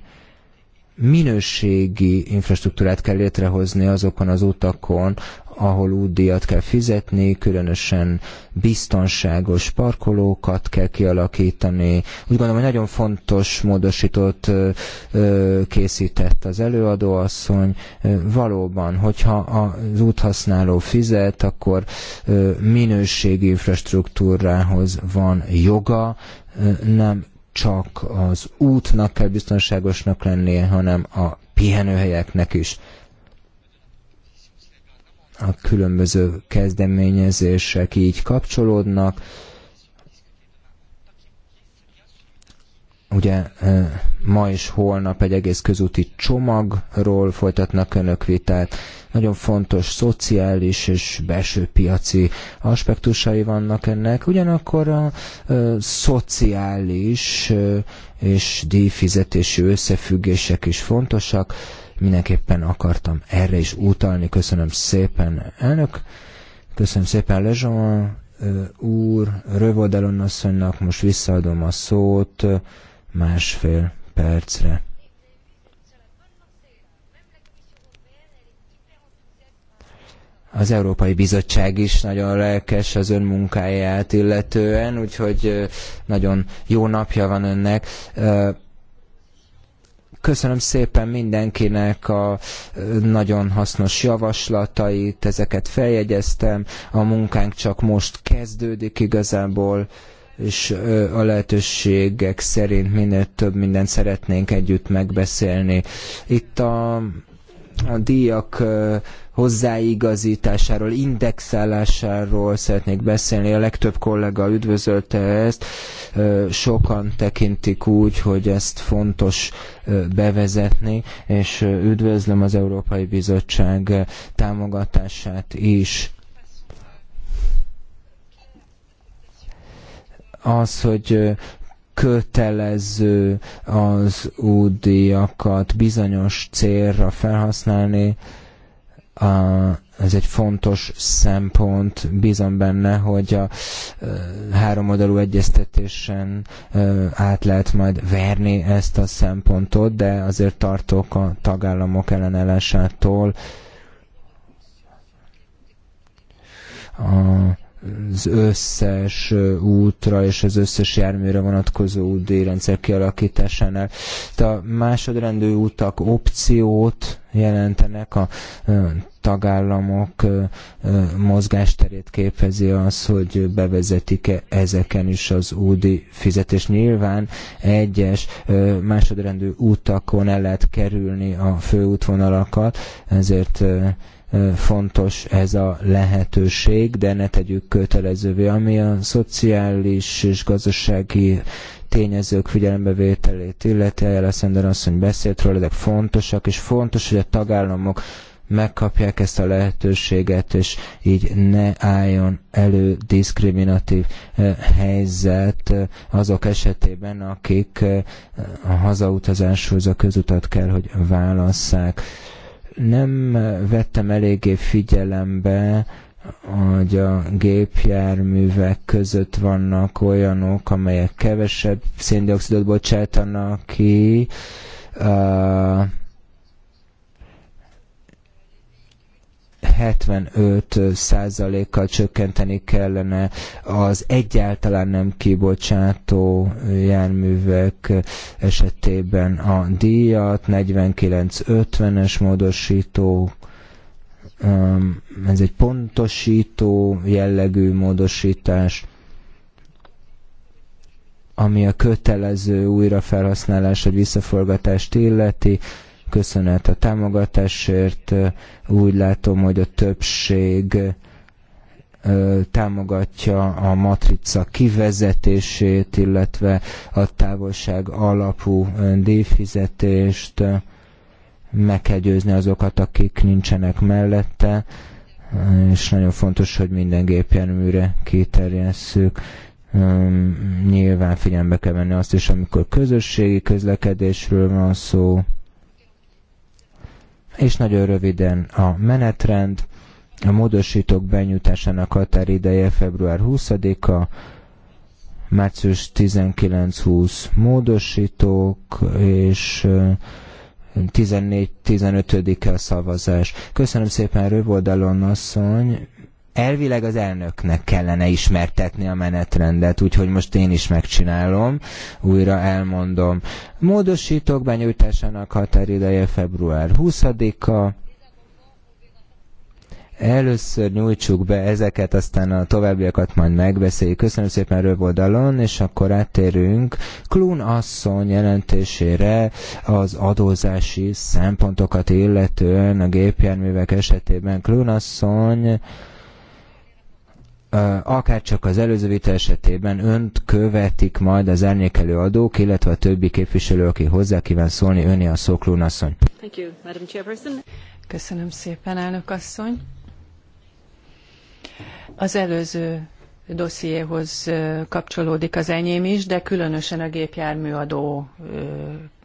minőségi infrastruktúrát kell létrehozni azokon az utakon, ahol útdíjat kell fizetni, különösen biztonságos parkolókat kell kialakítani. Úgy gondolom, hogy nagyon fontos módosítót készített az előadóasszony. Valóban, hogyha az úthasználó fizet, akkor minőségi infrastruktúrához van joga, nem csak az útnak kell biztonságosnak lennie, hanem a pihenőhelyeknek is a különböző kezdeményezések így kapcsolódnak. Ugye e, ma és holnap egy egész közúti csomagról folytatnak önök vitát. Nagyon fontos szociális és belső piaci aspektusai vannak ennek. Ugyanakkor a e, szociális e, és díjfizetési összefüggések is fontosak mindenképpen akartam erre is utalni. Köszönöm szépen, elnök. Köszönöm szépen, Lezsóan úr, Rövoldalon asszonynak most visszaadom a szót másfél percre. az Európai Bizottság is nagyon lelkes az ön munkáját illetően, úgyhogy nagyon jó napja van önnek. Köszönöm szépen mindenkinek a nagyon hasznos javaslatait, ezeket feljegyeztem, a munkánk csak most kezdődik igazából, és a lehetőségek szerint minél több mindent szeretnénk együtt megbeszélni. Itt a, a díjak hozzáigazításáról, indexálásáról szeretnék beszélni. A legtöbb kollega üdvözölte ezt. Sokan tekintik úgy, hogy ezt fontos bevezetni, és üdvözlöm az Európai Bizottság támogatását is. Az, hogy kötelező az údiakat bizonyos célra felhasználni, ez egy fontos szempont, bízom benne, hogy a háromoldalú egyeztetésen át lehet majd verni ezt a szempontot, de azért tartok a tagállamok ellenállásától. A az összes útra és az összes járműre vonatkozó útdíjrendszer kialakításánál. Tehát a másodrendű útak opciót jelentenek, a tagállamok mozgásterét képezi az, hogy bevezetik-e ezeken is az údi fizetés. Nyilván egyes másodrendű útakon el lehet kerülni a főútvonalakat, ezért fontos ez a lehetőség, de ne tegyük kötelezővé, ami a szociális és gazdasági tényezők figyelembevételét illeti. Ejjel Szender asszony beszélt róla, ezek fontosak, és fontos, hogy a tagállamok megkapják ezt a lehetőséget, és így ne álljon elő diszkriminatív helyzet azok esetében, akik a hazautazáshoz a közutat kell, hogy válasszák nem vettem eléggé figyelembe, hogy a gépjárművek között vannak olyanok, amelyek kevesebb széndiokszidot bocsátanak ki, 75 százalékkal csökkenteni kellene az egyáltalán nem kibocsátó járművek esetében a díjat, 49-50-es módosító, um, ez egy pontosító jellegű módosítás, ami a kötelező újrafelhasználás vagy visszaforgatást illeti, köszönet a támogatásért. Úgy látom, hogy a többség támogatja a matrica kivezetését, illetve a távolság alapú díjfizetést. Meg kell győzni azokat, akik nincsenek mellette, és nagyon fontos, hogy minden gépjárműre kiterjesszük nyilván figyelembe kell venni azt is, amikor közösségi közlekedésről van szó, és nagyon röviden a menetrend, a módosítók benyújtásának határideje február 20-a, március 19-20 módosítók, és 14-15-e a szavazás. Köszönöm szépen Rövoldalon asszony, Elvileg az elnöknek kellene ismertetni a menetrendet, úgyhogy most én is megcsinálom, újra elmondom. Módosítók benyújtásának határideje február 20-a, először nyújtsuk be ezeket, aztán a továbbiakat majd megbeszéljük. Köszönöm szépen rövoldalon, és akkor áttérünk Klún asszony jelentésére az adózási szempontokat illetően a gépjárművek esetében. Klún asszony akár csak az előző vita esetében önt követik majd az árnyékelő adók, illetve a többi képviselő, aki hozzá kíván szólni, öné a szó, Köszönöm szépen, elnök asszony. Az előző dossziéhoz kapcsolódik az enyém is, de különösen a gépjárműadó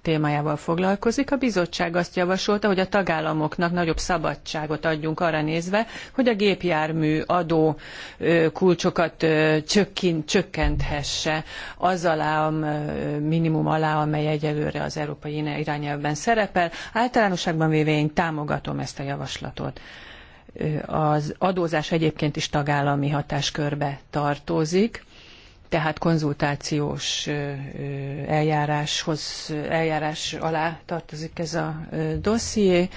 témájával foglalkozik. A bizottság azt javasolta, hogy a tagállamoknak nagyobb szabadságot adjunk arra nézve, hogy a gépjármű adó kulcsokat csökkenthesse az alá, a minimum alá, amely egyelőre az európai irányelvben szerepel. Általánosságban véve én támogatom ezt a javaslatot az adózás egyébként is tagállami hatáskörbe tartozik, tehát konzultációs eljáráshoz, eljárás alá tartozik ez a dosszié.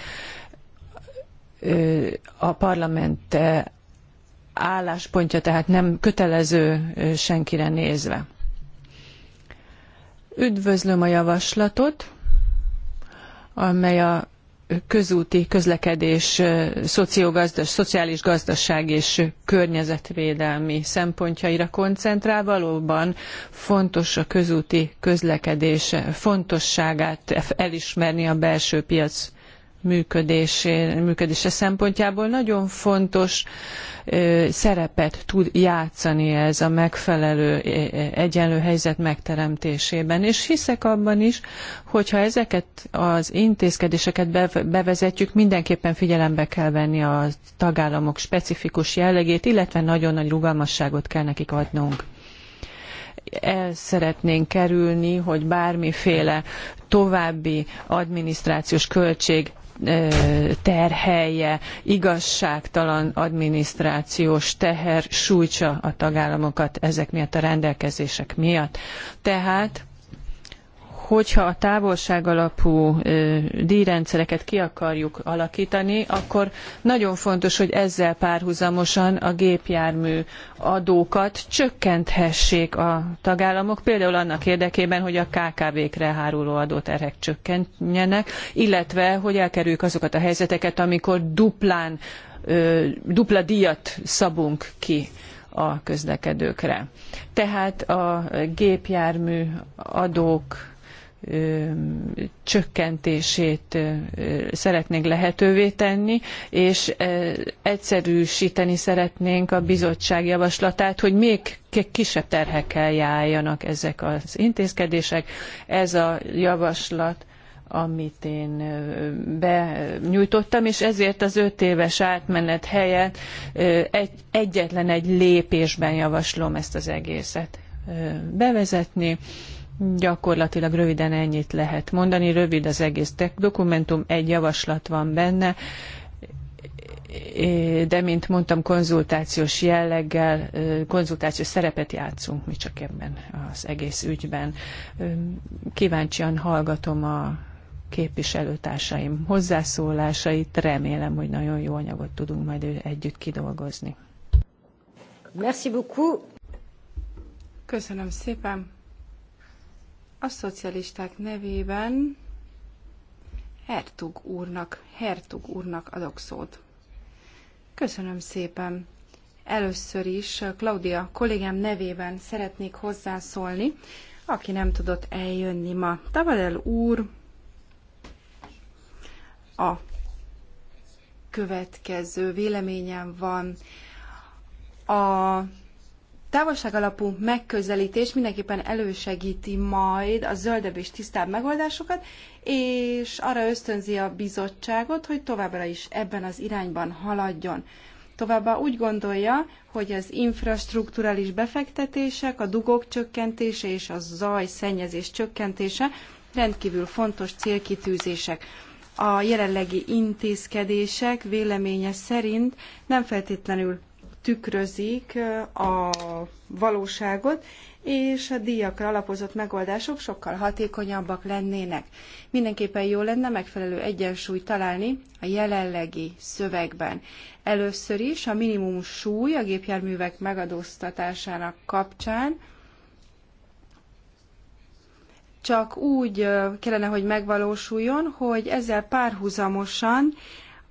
A parlament álláspontja tehát nem kötelező senkire nézve. Üdvözlöm a javaslatot, amely a közúti közlekedés szociogazdas, szociális gazdaság és környezetvédelmi szempontjaira koncentrál, valóban fontos a közúti közlekedés fontosságát elismerni a belső piac működésé, működése szempontjából nagyon fontos ö, szerepet tud játszani ez a megfelelő egyenlő helyzet megteremtésében. És hiszek abban is, hogyha ezeket az intézkedéseket bevezetjük, mindenképpen figyelembe kell venni a tagállamok specifikus jellegét, illetve nagyon nagy rugalmasságot kell nekik adnunk el szeretnénk kerülni, hogy bármiféle további adminisztrációs költség terhelje, igazságtalan adminisztrációs teher sújtsa a tagállamokat ezek miatt a rendelkezések miatt. Tehát hogyha a távolság alapú díjrendszereket ki akarjuk alakítani, akkor nagyon fontos, hogy ezzel párhuzamosan a gépjármű adókat csökkenthessék a tagállamok, például annak érdekében, hogy a KKV-kre háruló adóterhek csökkenjenek, illetve hogy elkerüljük azokat a helyzeteket, amikor duplán, dupla díjat szabunk ki a közlekedőkre. Tehát a gépjármű adók csökkentését szeretnénk lehetővé tenni, és egyszerűsíteni szeretnénk a bizottság javaslatát, hogy még kisebb terhekkel járjanak ezek az intézkedések. Ez a javaslat amit én benyújtottam, és ezért az öt éves átmenet helyett egy, egyetlen egy lépésben javaslom ezt az egészet bevezetni Gyakorlatilag röviden ennyit lehet mondani, rövid az egész dokumentum, egy javaslat van benne, de mint mondtam, konzultációs jelleggel, konzultációs szerepet játszunk mi csak ebben az egész ügyben. Kíváncsian hallgatom a képviselőtársaim hozzászólásait, remélem, hogy nagyon jó anyagot tudunk majd együtt kidolgozni. Merci beaucoup. Köszönöm szépen a szocialisták nevében Hertug úrnak, Hertug úrnak adok szót. Köszönöm szépen. Először is Claudia kollégám nevében szeretnék hozzászólni, aki nem tudott eljönni ma. Tavadel úr a következő véleményem van. A távolságalapú megközelítés mindenképpen elősegíti majd a zöldebb és tisztább megoldásokat, és arra ösztönzi a bizottságot, hogy továbbra is ebben az irányban haladjon. Továbbá úgy gondolja, hogy az infrastruktúrális befektetések, a dugók csökkentése és a zaj szennyezés csökkentése rendkívül fontos célkitűzések. A jelenlegi intézkedések véleménye szerint nem feltétlenül tükrözik a valóságot, és a díjakra alapozott megoldások sokkal hatékonyabbak lennének. Mindenképpen jó lenne megfelelő egyensúly találni a jelenlegi szövegben. Először is a minimum súly a gépjárművek megadóztatásának kapcsán csak úgy kellene, hogy megvalósuljon, hogy ezzel párhuzamosan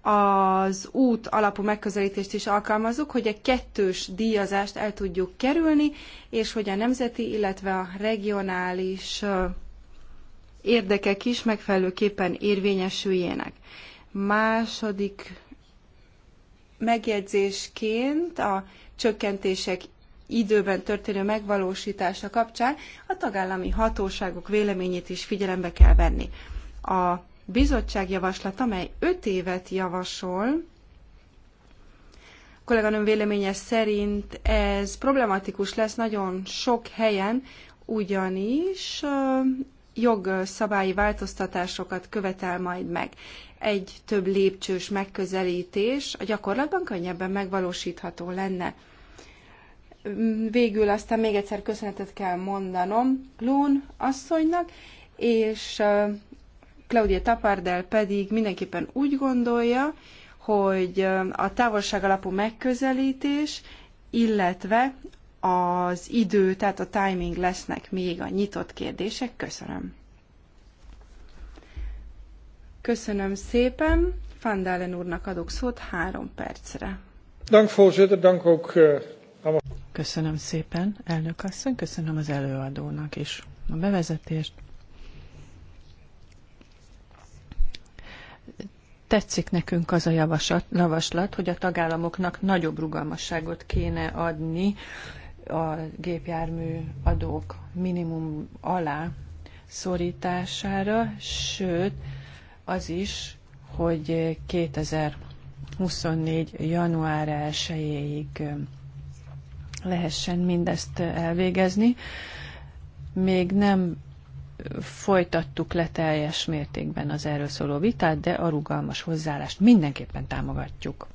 az út alapú megközelítést is alkalmazzuk, hogy a kettős díjazást el tudjuk kerülni, és hogy a nemzeti, illetve a regionális érdekek is megfelelőképpen érvényesüljenek. Második megjegyzésként a csökkentések időben történő megvalósítása kapcsán a tagállami hatóságok véleményét is figyelembe kell venni. A bizottságjavaslat, amely 5 évet javasol, kolléganőm véleménye szerint ez problematikus lesz nagyon sok helyen, ugyanis jogszabályi változtatásokat követel majd meg. Egy több lépcsős megközelítés a gyakorlatban könnyebben megvalósítható lenne. Végül aztán még egyszer köszönetet kell mondanom Lún asszonynak, és Claudia Tapardel pedig mindenképpen úgy gondolja, hogy a távolság alapú megközelítés, illetve az idő, tehát a timing lesznek még a nyitott kérdések. Köszönöm. Köszönöm szépen. Fandálen úrnak adok szót három percre. Dank, voorzitter, dank ook, eh, Köszönöm szépen, elnök asszony, köszönöm az előadónak is a bevezetést. Tetszik nekünk az a javaslat, javaslat, hogy a tagállamoknak nagyobb rugalmasságot kéne adni a gépjármű adók minimum alá szorítására, sőt, az is, hogy 2024. január 1-ig lehessen mindezt elvégezni. Még nem folytattuk le teljes mértékben az erről szóló vitát, de a rugalmas hozzáállást mindenképpen támogatjuk.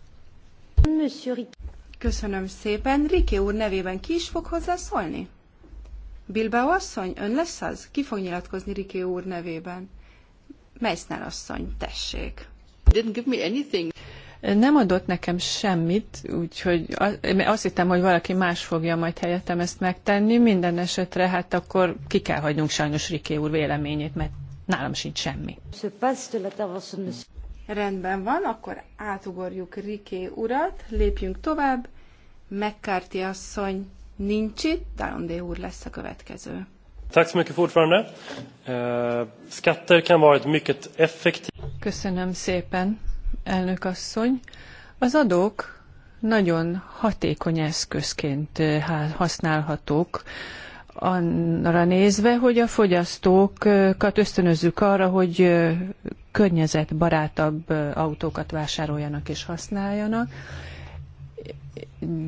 Köszönöm szépen. Riké úr nevében ki is fog hozzászólni? Bilbao asszony, ön lesz az? Ki fog nyilatkozni Riké úr nevében? Meissner asszony, tessék. Didn't give me anything nem adott nekem semmit, úgyhogy azt hittem, hogy valaki más fogja majd helyettem ezt megtenni. Minden esetre hát akkor ki kell hagynunk sajnos Riké úr véleményét, mert nálam sincs semmi. Rendben van, akkor átugorjuk Riké urat, lépjünk tovább. McCarthy asszony nincs itt, Dalondé úr lesz a következő. Tack så mycket fortfarande. Eh, skatter kan vara ett mycket effektivt... Köszönöm szépen elnök asszony. Az adók nagyon hatékony eszközként eh, használhatók arra nézve, hogy a fogyasztókat ösztönözzük arra, hogy eh, környezetbarátabb eh, autókat vásároljanak és használjanak.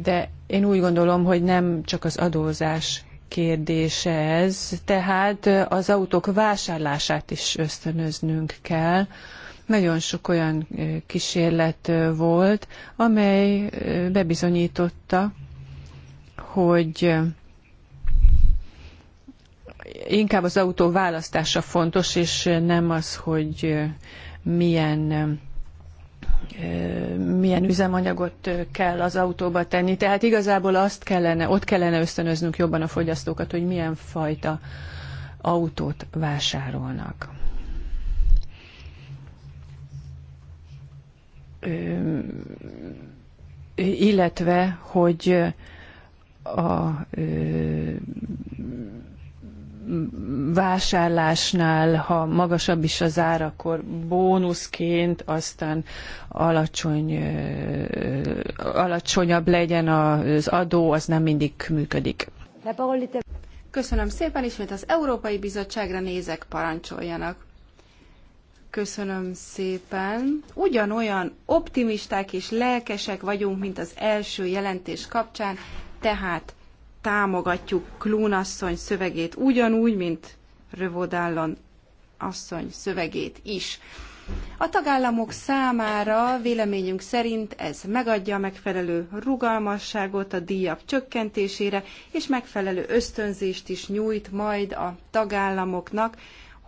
De én úgy gondolom, hogy nem csak az adózás kérdése ez, tehát az autók vásárlását is ösztönöznünk kell, nagyon sok olyan kísérlet volt, amely bebizonyította, hogy inkább az autó választása fontos, és nem az, hogy milyen milyen üzemanyagot kell az autóba tenni. Tehát igazából azt kellene, ott kellene ösztönöznünk jobban a fogyasztókat, hogy milyen fajta autót vásárolnak. illetve hogy a vásárlásnál, ha magasabb is az ár, akkor bónuszként, aztán alacsony, alacsonyabb legyen az adó, az nem mindig működik. Köszönöm szépen, ismét az Európai Bizottságra nézek, parancsoljanak. Köszönöm szépen. Ugyanolyan optimisták és lelkesek vagyunk, mint az első jelentés kapcsán, tehát támogatjuk Klúnasszony szövegét ugyanúgy, mint Rövodállon asszony szövegét is. A tagállamok számára véleményünk szerint ez megadja a megfelelő rugalmasságot a díjak csökkentésére, és megfelelő ösztönzést is nyújt majd a tagállamoknak,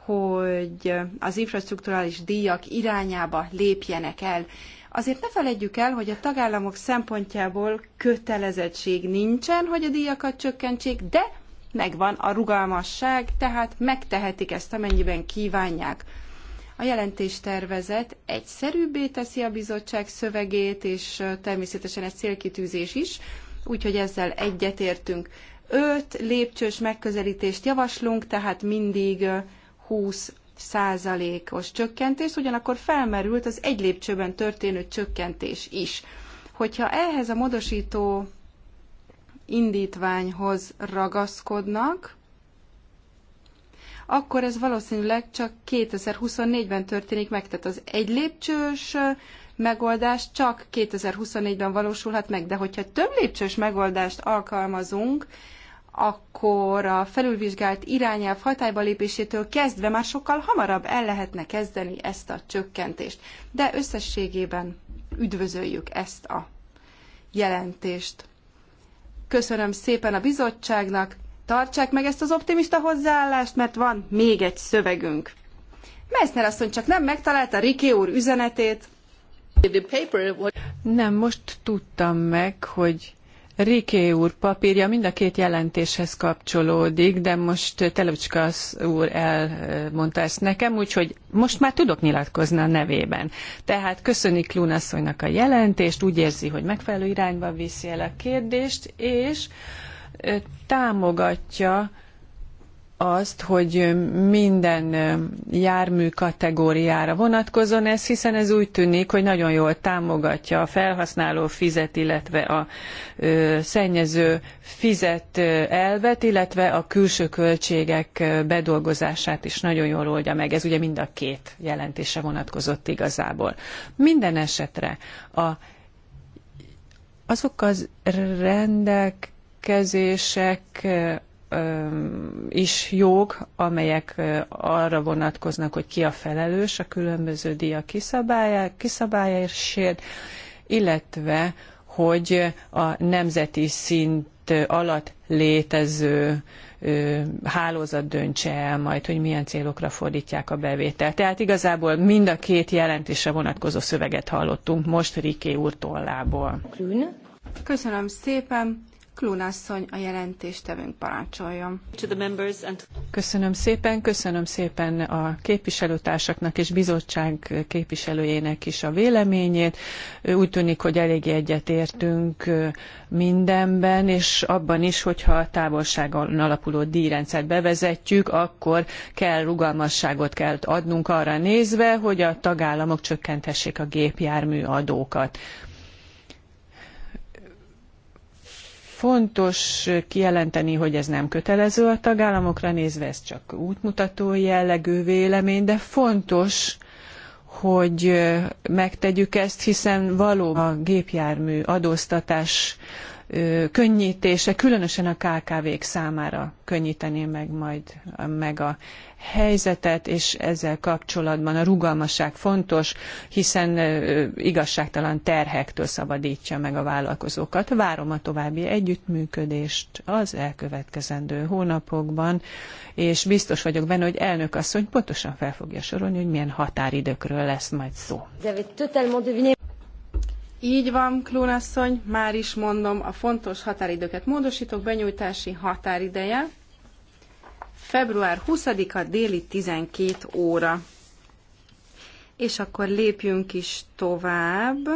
hogy az infrastruktúrális díjak irányába lépjenek el. Azért ne felejtjük el, hogy a tagállamok szempontjából kötelezettség nincsen, hogy a díjakat csökkentsék, de megvan a rugalmasság, tehát megtehetik ezt, amennyiben kívánják. A jelentéstervezet egyszerűbbé teszi a bizottság szövegét, és természetesen egy célkitűzés is, úgyhogy ezzel egyetértünk. Öt lépcsős megközelítést javaslunk, tehát mindig 20 százalékos csökkentést, ugyanakkor felmerült az egy lépcsőben történő csökkentés is. Hogyha ehhez a módosító indítványhoz ragaszkodnak, akkor ez valószínűleg csak 2024-ben történik meg, tehát az egy lépcsős megoldás csak 2024-ben valósulhat meg, de hogyha több lépcsős megoldást alkalmazunk, akkor a felülvizsgált irányelv hatályba lépésétől kezdve már sokkal hamarabb el lehetne kezdeni ezt a csökkentést. De összességében üdvözöljük ezt a jelentést. Köszönöm szépen a bizottságnak, tartsák meg ezt az optimista hozzáállást, mert van még egy szövegünk. Meissner asszony csak nem megtalálta Riké úr üzenetét. Nem, most tudtam meg, hogy Riké úr papírja mind a két jelentéshez kapcsolódik, de most Telocskasz úr elmondta ezt nekem, úgyhogy most már tudok nyilatkozni a nevében. Tehát köszönik Klunasszonynak a jelentést, úgy érzi, hogy megfelelő irányba viszi el a kérdést, és támogatja azt, hogy minden jármű kategóriára vonatkozon ez, hiszen ez úgy tűnik, hogy nagyon jól támogatja a felhasználó fizet, illetve a szennyező fizet elvet, illetve a külső költségek bedolgozását is nagyon jól oldja meg. Ez ugye mind a két jelentése vonatkozott igazából. Minden esetre a, azok az rendelkezések, is jog, amelyek arra vonatkoznak, hogy ki a felelős a különböző díjak kiszabályásért, illetve hogy a nemzeti szint alatt létező hálózat döntse el majd, hogy milyen célokra fordítják a bevételt. Tehát igazából mind a két jelentésre vonatkozó szöveget hallottunk most Riké úr tollából. Köszönöm szépen. Klúnasszony a jelentéstevőnk parancsoljon. Köszönöm szépen, köszönöm szépen a képviselőtársaknak és bizottság képviselőjének is a véleményét. Úgy tűnik, hogy eléggé egyetértünk mindenben, és abban is, hogyha a távolságon alapuló díjrendszert bevezetjük, akkor kell rugalmasságot kell adnunk arra nézve, hogy a tagállamok csökkentessék a gépjármű adókat Fontos kijelenteni, hogy ez nem kötelező a tagállamokra nézve, ez csak útmutató jellegű vélemény, de fontos, hogy megtegyük ezt, hiszen valóban a gépjármű adóztatás könnyítése, különösen a KKV-k számára könnyíteni meg majd meg a helyzetet, és ezzel kapcsolatban a rugalmasság fontos, hiszen igazságtalan terhektől szabadítja meg a vállalkozókat. Várom a további együttműködést az elkövetkezendő hónapokban, és biztos vagyok benne, hogy elnök asszony pontosan fel fogja sorolni, hogy milyen határidőkről lesz majd szó. Így van, Klónasszony, már is mondom, a fontos határidőket módosítok, benyújtási határideje február 20-a déli 12 óra. És akkor lépjünk is tovább.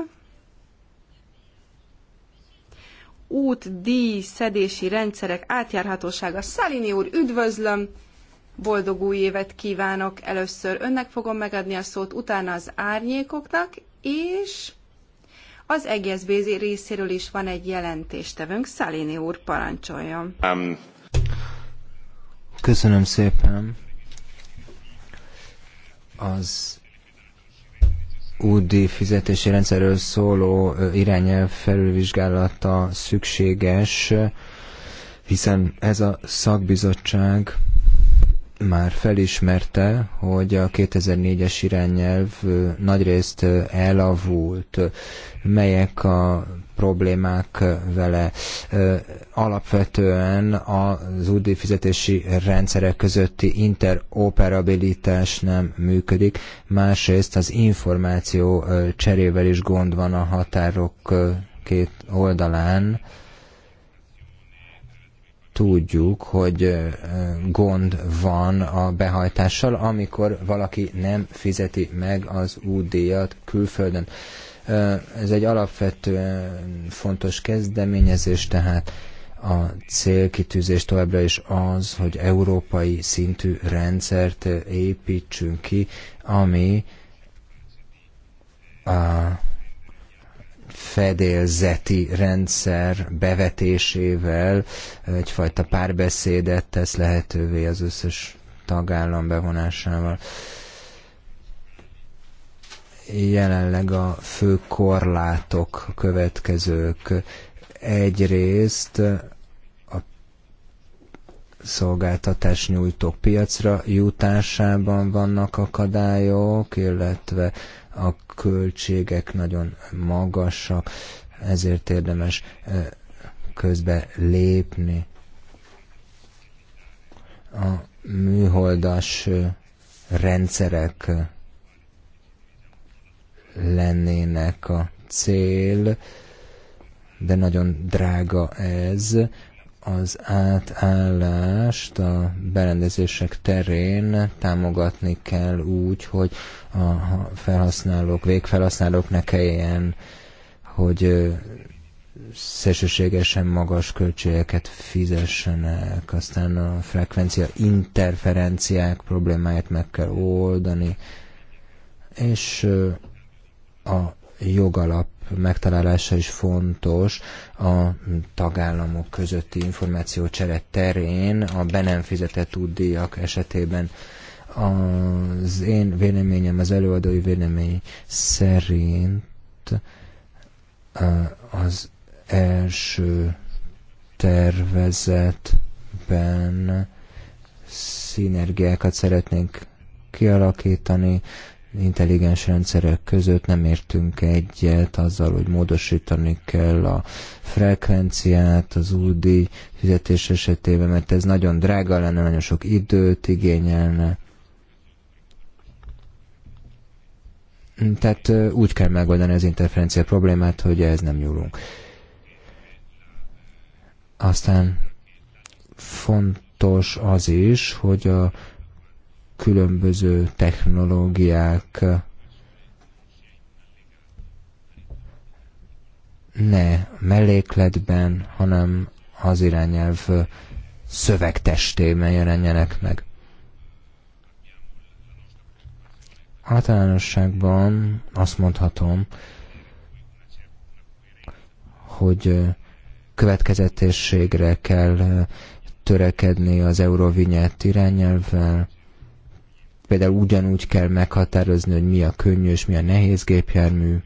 Út, díj, szedési rendszerek átjárhatósága. Szalini úr, üdvözlöm! Boldog új évet kívánok! Először önnek fogom megadni a szót, utána az árnyékoknak, és az egész Bézi részéről is van egy jelentéstevőnk. Szalini úr, parancsoljon. Um. Köszönöm szépen. Az údi fizetési rendszerről szóló irányelv felülvizsgálata szükséges, hiszen ez a szakbizottság már felismerte, hogy a 2004-es irányelv nagyrészt elavult, melyek a problémák vele. Alapvetően az údi fizetési rendszerek közötti interoperabilitás nem működik, másrészt az információ cserével is gond van a határok két oldalán, tudjuk, hogy gond van a behajtással, amikor valaki nem fizeti meg az útdíjat külföldön. Ez egy alapvetően fontos kezdeményezés, tehát a célkitűzés továbbra is az, hogy európai szintű rendszert építsünk ki, ami a fedélzeti rendszer bevetésével egyfajta párbeszédet tesz lehetővé az összes tagállam bevonásával jelenleg a fő korlátok következők. Egyrészt a szolgáltatás nyújtók piacra jutásában vannak akadályok, illetve a költségek nagyon magasak, ezért érdemes közbe lépni. A műholdas rendszerek lennének a cél, de nagyon drága ez, az átállást a berendezések terén támogatni kell úgy, hogy a felhasználók, végfelhasználók ne kelljen, hogy szélsőségesen magas költségeket fizessenek, aztán a frekvencia interferenciák problémáját meg kell oldani, és a jogalap megtalálása is fontos a tagállamok közötti információcsere terén, a be nem fizetett útdíjak esetében. Az én véleményem, az előadói vélemény szerint az első tervezetben szinergiákat szeretnénk kialakítani, intelligens rendszerek között nem értünk egyet azzal, hogy módosítani kell a frekvenciát az údi fizetés esetében, mert ez nagyon drága lenne, nagyon sok időt igényelne. Tehát úgy kell megoldani az interferencia problémát, hogy ez nem nyúlunk. Aztán fontos az is, hogy a különböző technológiák ne mellékletben, hanem az irányelv szövegtestében jelenjenek meg. Általánosságban azt mondhatom, hogy következetességre kell törekedni az Eurovinyett irányelvvel, Például ugyanúgy kell meghatározni, hogy mi a könnyű és mi a nehéz gépjármű,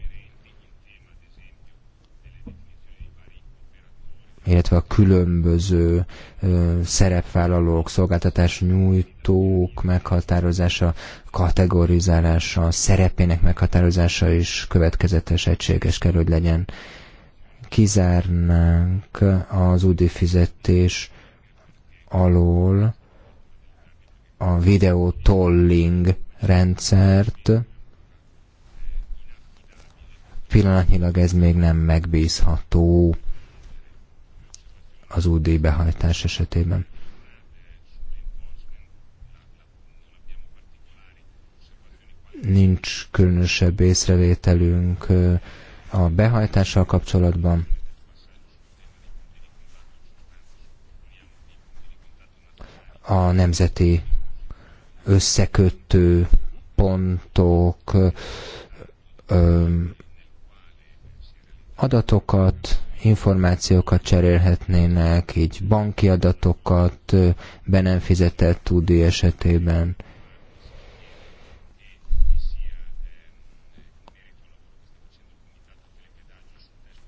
illetve a különböző ö, szerepvállalók, szolgáltatás nyújtók meghatározása, kategorizálása, szerepének meghatározása is következetes, egységes kell, hogy legyen. Kizárnánk az UDI fizetés alól a videó tolling rendszert. Pillanatnyilag ez még nem megbízható az UD behajtás esetében. Nincs különösebb észrevételünk a behajtással kapcsolatban. A nemzeti összekötő pontok, adatokat, információkat cserélhetnének, így banki adatokat, be nem fizetett tudi esetében.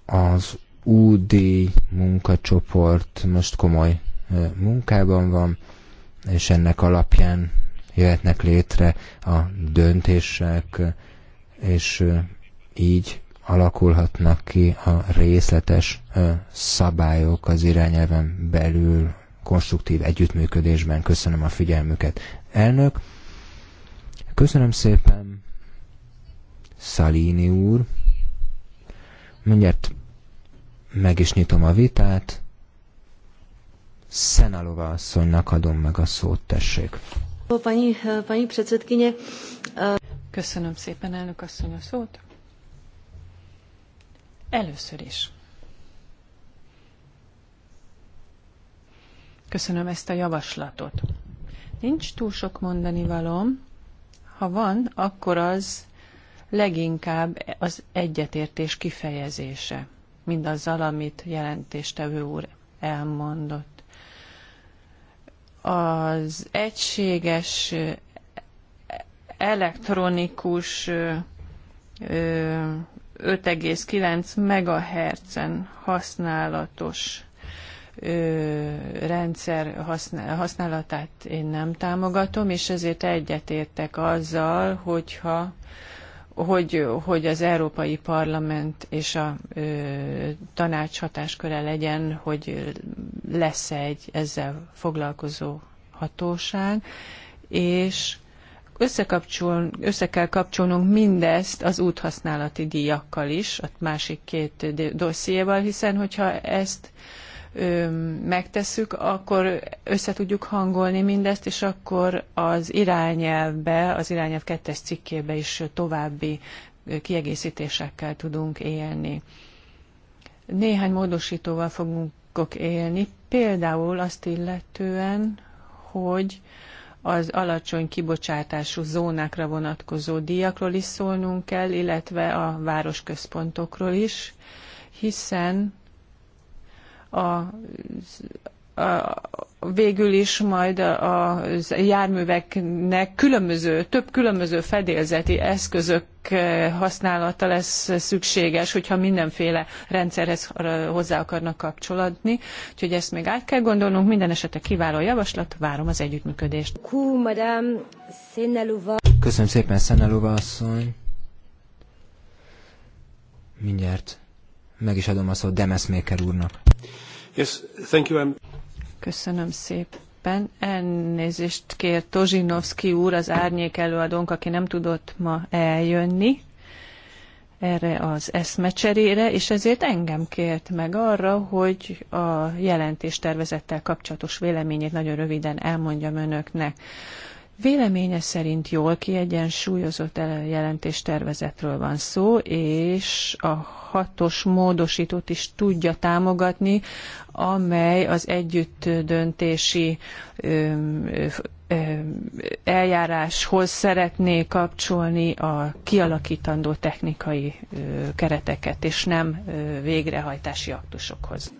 Az UD munkacsoport most komoly munkában van, és ennek alapján jöhetnek létre a döntések, és így alakulhatnak ki a részletes szabályok az irányelven belül konstruktív együttműködésben. Köszönöm a figyelmüket. Elnök, köszönöm szépen Szalini úr. Mindjárt meg is nyitom a vitát. Szenalova asszonynak adom meg a szót, tessék. Köszönöm szépen, elnök asszony, a szót. Először is. Köszönöm ezt a javaslatot. Nincs túl sok mondani valóm. Ha van, akkor az leginkább az egyetértés kifejezése, mindazzal, amit jelentéstevő úr elmondott az egységes elektronikus 5,9 MHz-en használatos rendszer használatát én nem támogatom, és ezért egyetértek azzal, hogyha hogy, hogy az Európai Parlament és a ö, tanács hatásköre legyen, hogy lesz egy ezzel foglalkozó hatóság, és összekapcsol, össze kell kapcsolnunk mindezt az úthasználati díjakkal is, a másik két dossziéval, hiszen hogyha ezt ö, megtesszük, akkor össze tudjuk hangolni mindezt, és akkor az irányelvbe, az irányelv kettes cikkébe is további kiegészítésekkel tudunk élni. Néhány módosítóval fogunk élni, Például azt illetően, hogy az alacsony kibocsátású zónákra vonatkozó díjakról is szólnunk kell, illetve a városközpontokról is, hiszen a, végül is majd a járműveknek különböző, több különböző fedélzeti eszközök eh, használata lesz szükséges, hogyha mindenféle rendszerhez eh, hozzá akarnak kapcsolódni. Úgyhogy ezt még át kell gondolnunk. Minden esetre kiváló javaslat, várom az együttműködést. Köszönöm szépen, Szeneluva asszony. Mindjárt meg is adom a szót Demesmaker úrnak. Yes, thank you. I'm... Köszönöm szépen. Elnézést kér Tozsinovszki úr, az árnyék előadónk, aki nem tudott ma eljönni erre az eszmecserére, és ezért engem kért meg arra, hogy a jelentéstervezettel kapcsolatos véleményét nagyon röviden elmondjam önöknek. Véleménye szerint jól kiegyensúlyozott jelentés tervezetről van szó, és a hatos módosítót is tudja támogatni, amely az együtt döntési eljáráshoz szeretné kapcsolni a kialakítandó technikai kereteket, és nem végrehajtási aktusokhoz.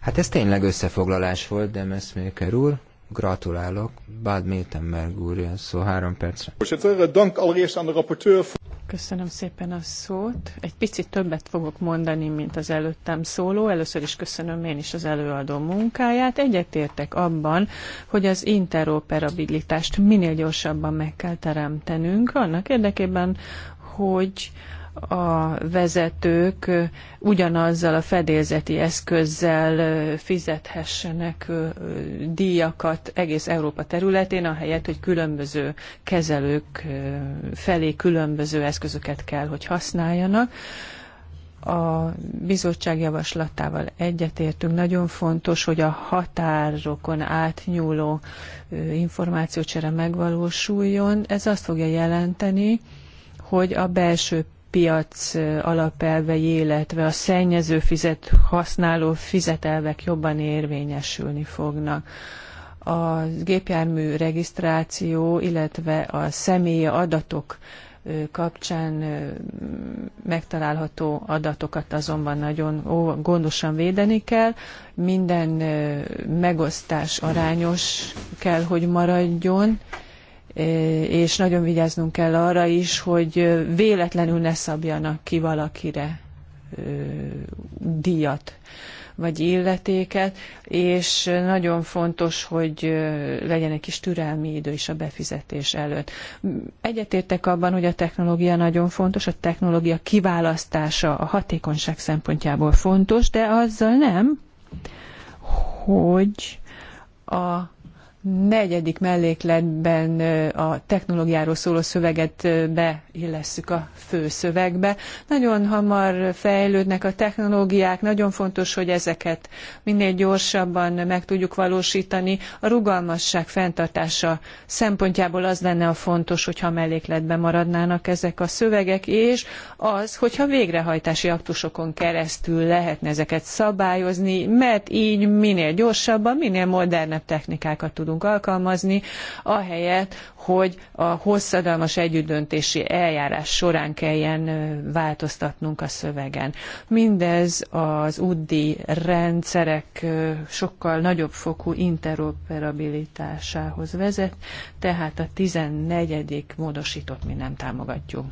Hát ez tényleg összefoglalás volt, de Meszméker úr. Gratulálok, Bad Miltenberg úr, szó három percre. Eh, köszönöm szépen a szót. Egy picit többet fogok mondani, mint az előttem szóló. Először is köszönöm én is az előadó munkáját. Egyetértek abban, hogy az interoperabilitást minél gyorsabban meg kell teremtenünk, annak érdekében, hogy a vezetők ugyanazzal a fedélzeti eszközzel fizethessenek díjakat egész Európa területén, ahelyett, hogy különböző kezelők felé különböző eszközöket kell, hogy használjanak. A bizottság javaslatával egyetértünk. Nagyon fontos, hogy a határokon átnyúló információcsere megvalósuljon. Ez azt fogja jelenteni, hogy a belső piac alapelvei, illetve a szennyező fizet, használó fizetelvek jobban érvényesülni fognak. A gépjármű regisztráció, illetve a személyi adatok kapcsán megtalálható adatokat azonban nagyon gondosan védeni kell. Minden megosztás arányos kell, hogy maradjon és nagyon vigyáznunk kell arra is, hogy véletlenül ne szabjanak ki valakire díjat vagy illetéket, és nagyon fontos, hogy legyen egy kis türelmi idő is a befizetés előtt. Egyetértek abban, hogy a technológia nagyon fontos, a technológia kiválasztása a hatékonyság szempontjából fontos, de azzal nem, hogy a negyedik mellékletben a technológiáról szóló szöveget beillesszük a fő szövegbe. Nagyon hamar fejlődnek a technológiák, nagyon fontos, hogy ezeket minél gyorsabban meg tudjuk valósítani. A rugalmasság fenntartása szempontjából az lenne a fontos, hogyha mellékletben maradnának ezek a szövegek, és az, hogyha végrehajtási aktusokon keresztül lehetne ezeket szabályozni, mert így minél gyorsabban, minél modernebb technikákat tudunk tudunk alkalmazni, ahelyett, hogy a hosszadalmas együttdöntési eljárás során kelljen változtatnunk a szövegen. Mindez az UDI rendszerek sokkal nagyobb fokú interoperabilitásához vezet, tehát a 14. módosított mi nem támogatjuk.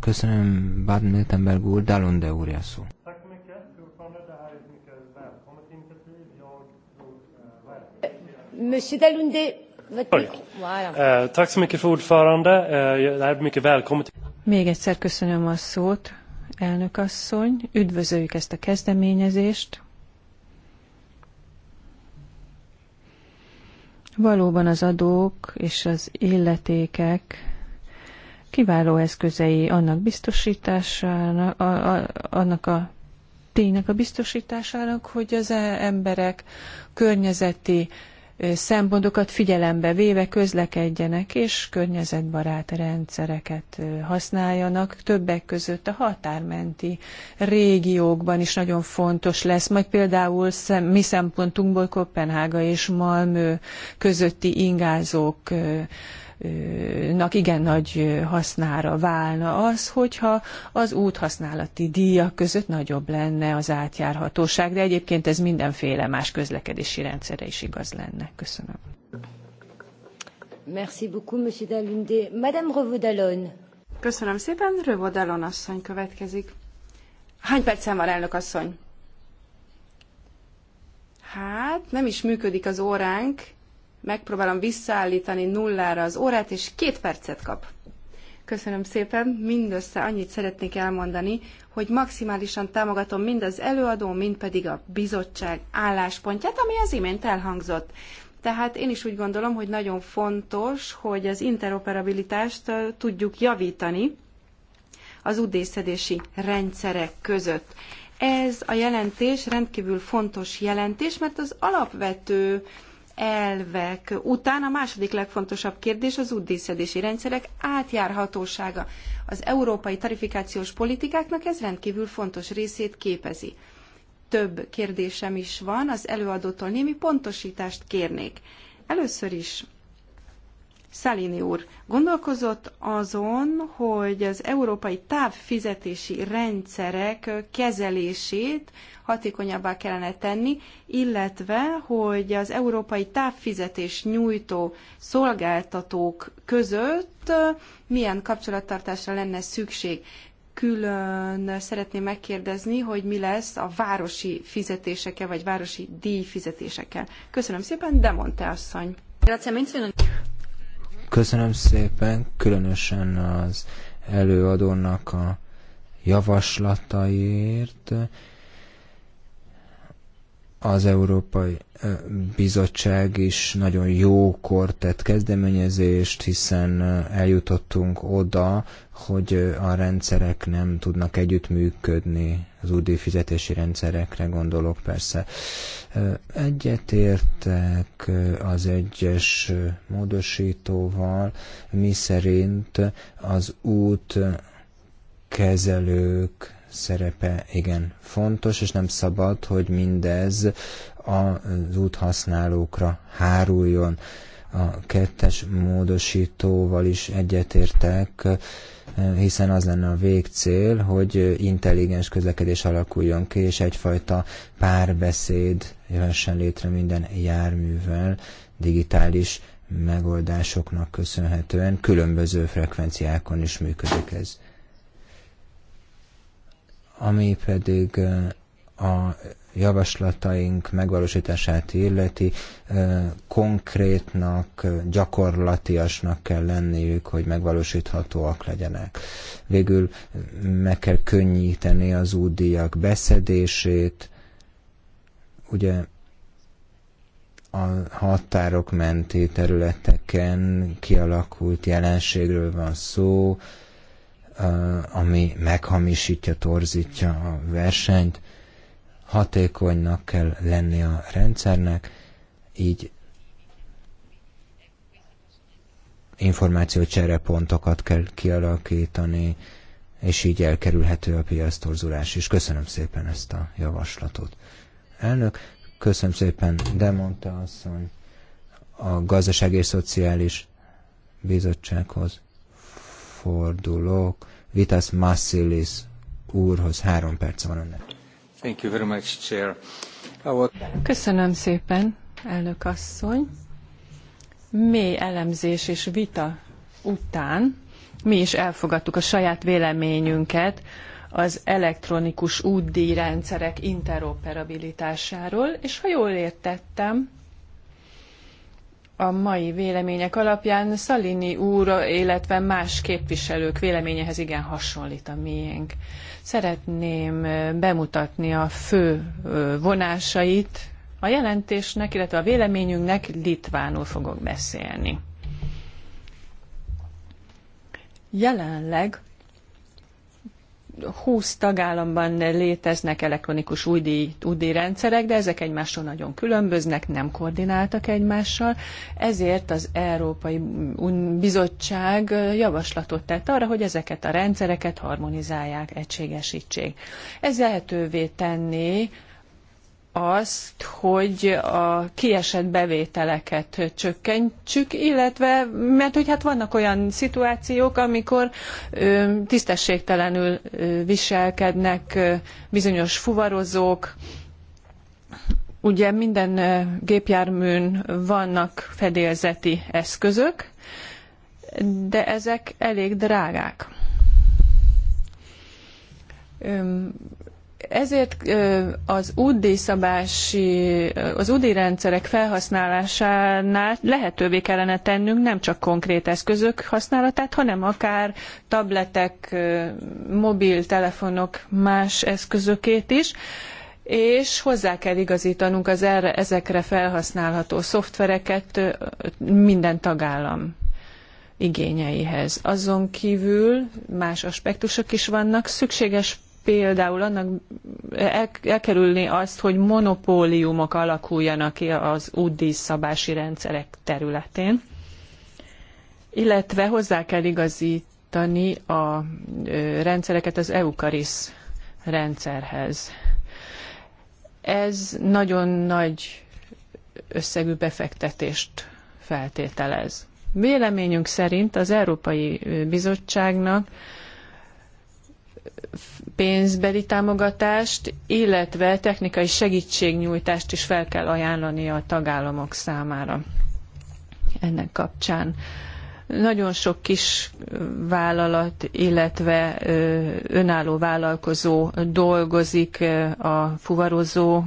Köszönöm, Baden-Württemberg úr, Dalunde úr, szó. Eh, eh, Még egyszer köszönöm a szót, elnök asszony. Üdvözöljük ezt a kezdeményezést. Valóban az adók és az illetékek kiváló eszközei annak biztosításának, a, a, annak a ténynek a biztosításának, hogy az e- emberek környezeti szempontokat figyelembe véve közlekedjenek és környezetbarát rendszereket használjanak. Többek között a határmenti régiókban is nagyon fontos lesz, majd például szem, mi szempontunkból Kopenhága és Malmö közötti ingázók nak igen nagy hasznára válna az, hogyha az úthasználati díjak között nagyobb lenne az átjárhatóság, de egyébként ez mindenféle más közlekedési rendszerre is igaz lenne. Köszönöm. Merci beaucoup, Monsieur Dalunde. Madame Revaudalon. Köszönöm szépen, Revaudalon asszony következik. Hány percen van, elnök asszony? Hát, nem is működik az óránk, Megpróbálom visszaállítani nullára az órát, és két percet kap. Köszönöm szépen, mindössze annyit szeretnék elmondani, hogy maximálisan támogatom mind az előadó, mind pedig a bizottság álláspontját, ami az imént elhangzott. Tehát én is úgy gondolom, hogy nagyon fontos, hogy az interoperabilitást tudjuk javítani az udészedési rendszerek között. Ez a jelentés rendkívül fontos jelentés, mert az alapvető uh, elvek után a második legfontosabb kérdés az útdíszedési rendszerek átjárhatósága. Az európai tarifikációs politikáknak ez rendkívül fontos részét képezi. Több kérdésem is van, az előadótól némi pontosítást kérnék. Először is Szalini úr gondolkozott azon, hogy az európai távfizetési rendszerek kezelését hatékonyabbá kellene tenni, illetve hogy az európai távfizetés nyújtó szolgáltatók között milyen kapcsolattartásra lenne szükség. Külön szeretném megkérdezni, hogy mi lesz a városi fizetésekkel, vagy városi díjfizetésekkel. Köszönöm szépen, Demonte asszony! Köszönöm szépen, különösen az előadónak a javaslataért, az Európai Bizottság is nagyon jókor tett kezdeményezést, hiszen eljutottunk oda, hogy a rendszerek nem tudnak együttműködni, az új fizetési rendszerekre gondolok persze. Egyetértek az egyes módosítóval, mi szerint az út kezelők szerepe igen fontos, és nem szabad, hogy mindez az úthasználókra háruljon. A kettes módosítóval is egyetértek, hiszen az lenne a végcél, hogy intelligens közlekedés alakuljon ki, és egyfajta párbeszéd jöhessen létre minden járművel, digitális megoldásoknak köszönhetően különböző frekvenciákon is működik ez ami pedig a javaslataink megvalósítását illeti, konkrétnak, gyakorlatiasnak kell lenniük, hogy megvalósíthatóak legyenek. Végül meg kell könnyíteni az útdíjak beszedését, ugye a határok menti területeken kialakult jelenségről van szó, ami meghamisítja, torzítja a versenyt. Hatékonynak kell lenni a rendszernek, így információcserepontokat kell kialakítani, és így elkerülhető a piac torzulás is. Köszönöm szépen ezt a javaslatot. Elnök, köszönöm szépen, de mondta asszony a Gazdaság és Szociális Bizottsághoz fordulok. Vitas Massilis úrhoz. Három perc van önnek. Thank you very much, Chair. Our... Köszönöm szépen, elnök asszony. Mély elemzés és vita után mi is elfogadtuk a saját véleményünket az elektronikus útdíjrendszerek interoperabilitásáról, és ha jól értettem, a mai vélemények alapján Szalini úr, illetve más képviselők véleményehez igen hasonlít a miénk. Szeretném bemutatni a fő vonásait a jelentésnek, illetve a véleményünknek litvánul fogok beszélni. Jelenleg 20 tagállamban léteznek elektronikus újdíj, rendszerek, de ezek egymástól nagyon különböznek, nem koordináltak egymással, ezért az Európai Bizottság javaslatot tett arra, hogy ezeket a rendszereket harmonizálják, egységesítsék. Ez lehetővé tenné azt, hogy a kiesett bevételeket csökkentsük, illetve mert hogy hát vannak olyan szituációk, amikor ö, tisztességtelenül ö, viselkednek ö, bizonyos fuvarozók, ugye minden ö, gépjárműn vannak fedélzeti eszközök, de ezek elég drágák. Ö, ezért az UDI szabási, az UDI rendszerek felhasználásánál lehetővé kellene tennünk nem csak konkrét eszközök használatát, hanem akár tabletek, mobiltelefonok, más eszközökét is, és hozzá kell igazítanunk az erre, ezekre felhasználható szoftvereket minden tagállam igényeihez. Azon kívül más aspektusok is vannak, szükséges például annak elkerülni azt, hogy monopóliumok alakuljanak ki az útdíjszabási rendszerek területén, illetve hozzá kell igazítani a rendszereket az EUCARIS rendszerhez. Ez nagyon nagy összegű befektetést feltételez. Véleményünk szerint az Európai Bizottságnak pénzbeli támogatást, illetve technikai segítségnyújtást is fel kell ajánlani a tagállamok számára ennek kapcsán. Nagyon sok kis vállalat, illetve önálló vállalkozó dolgozik a fuvarozó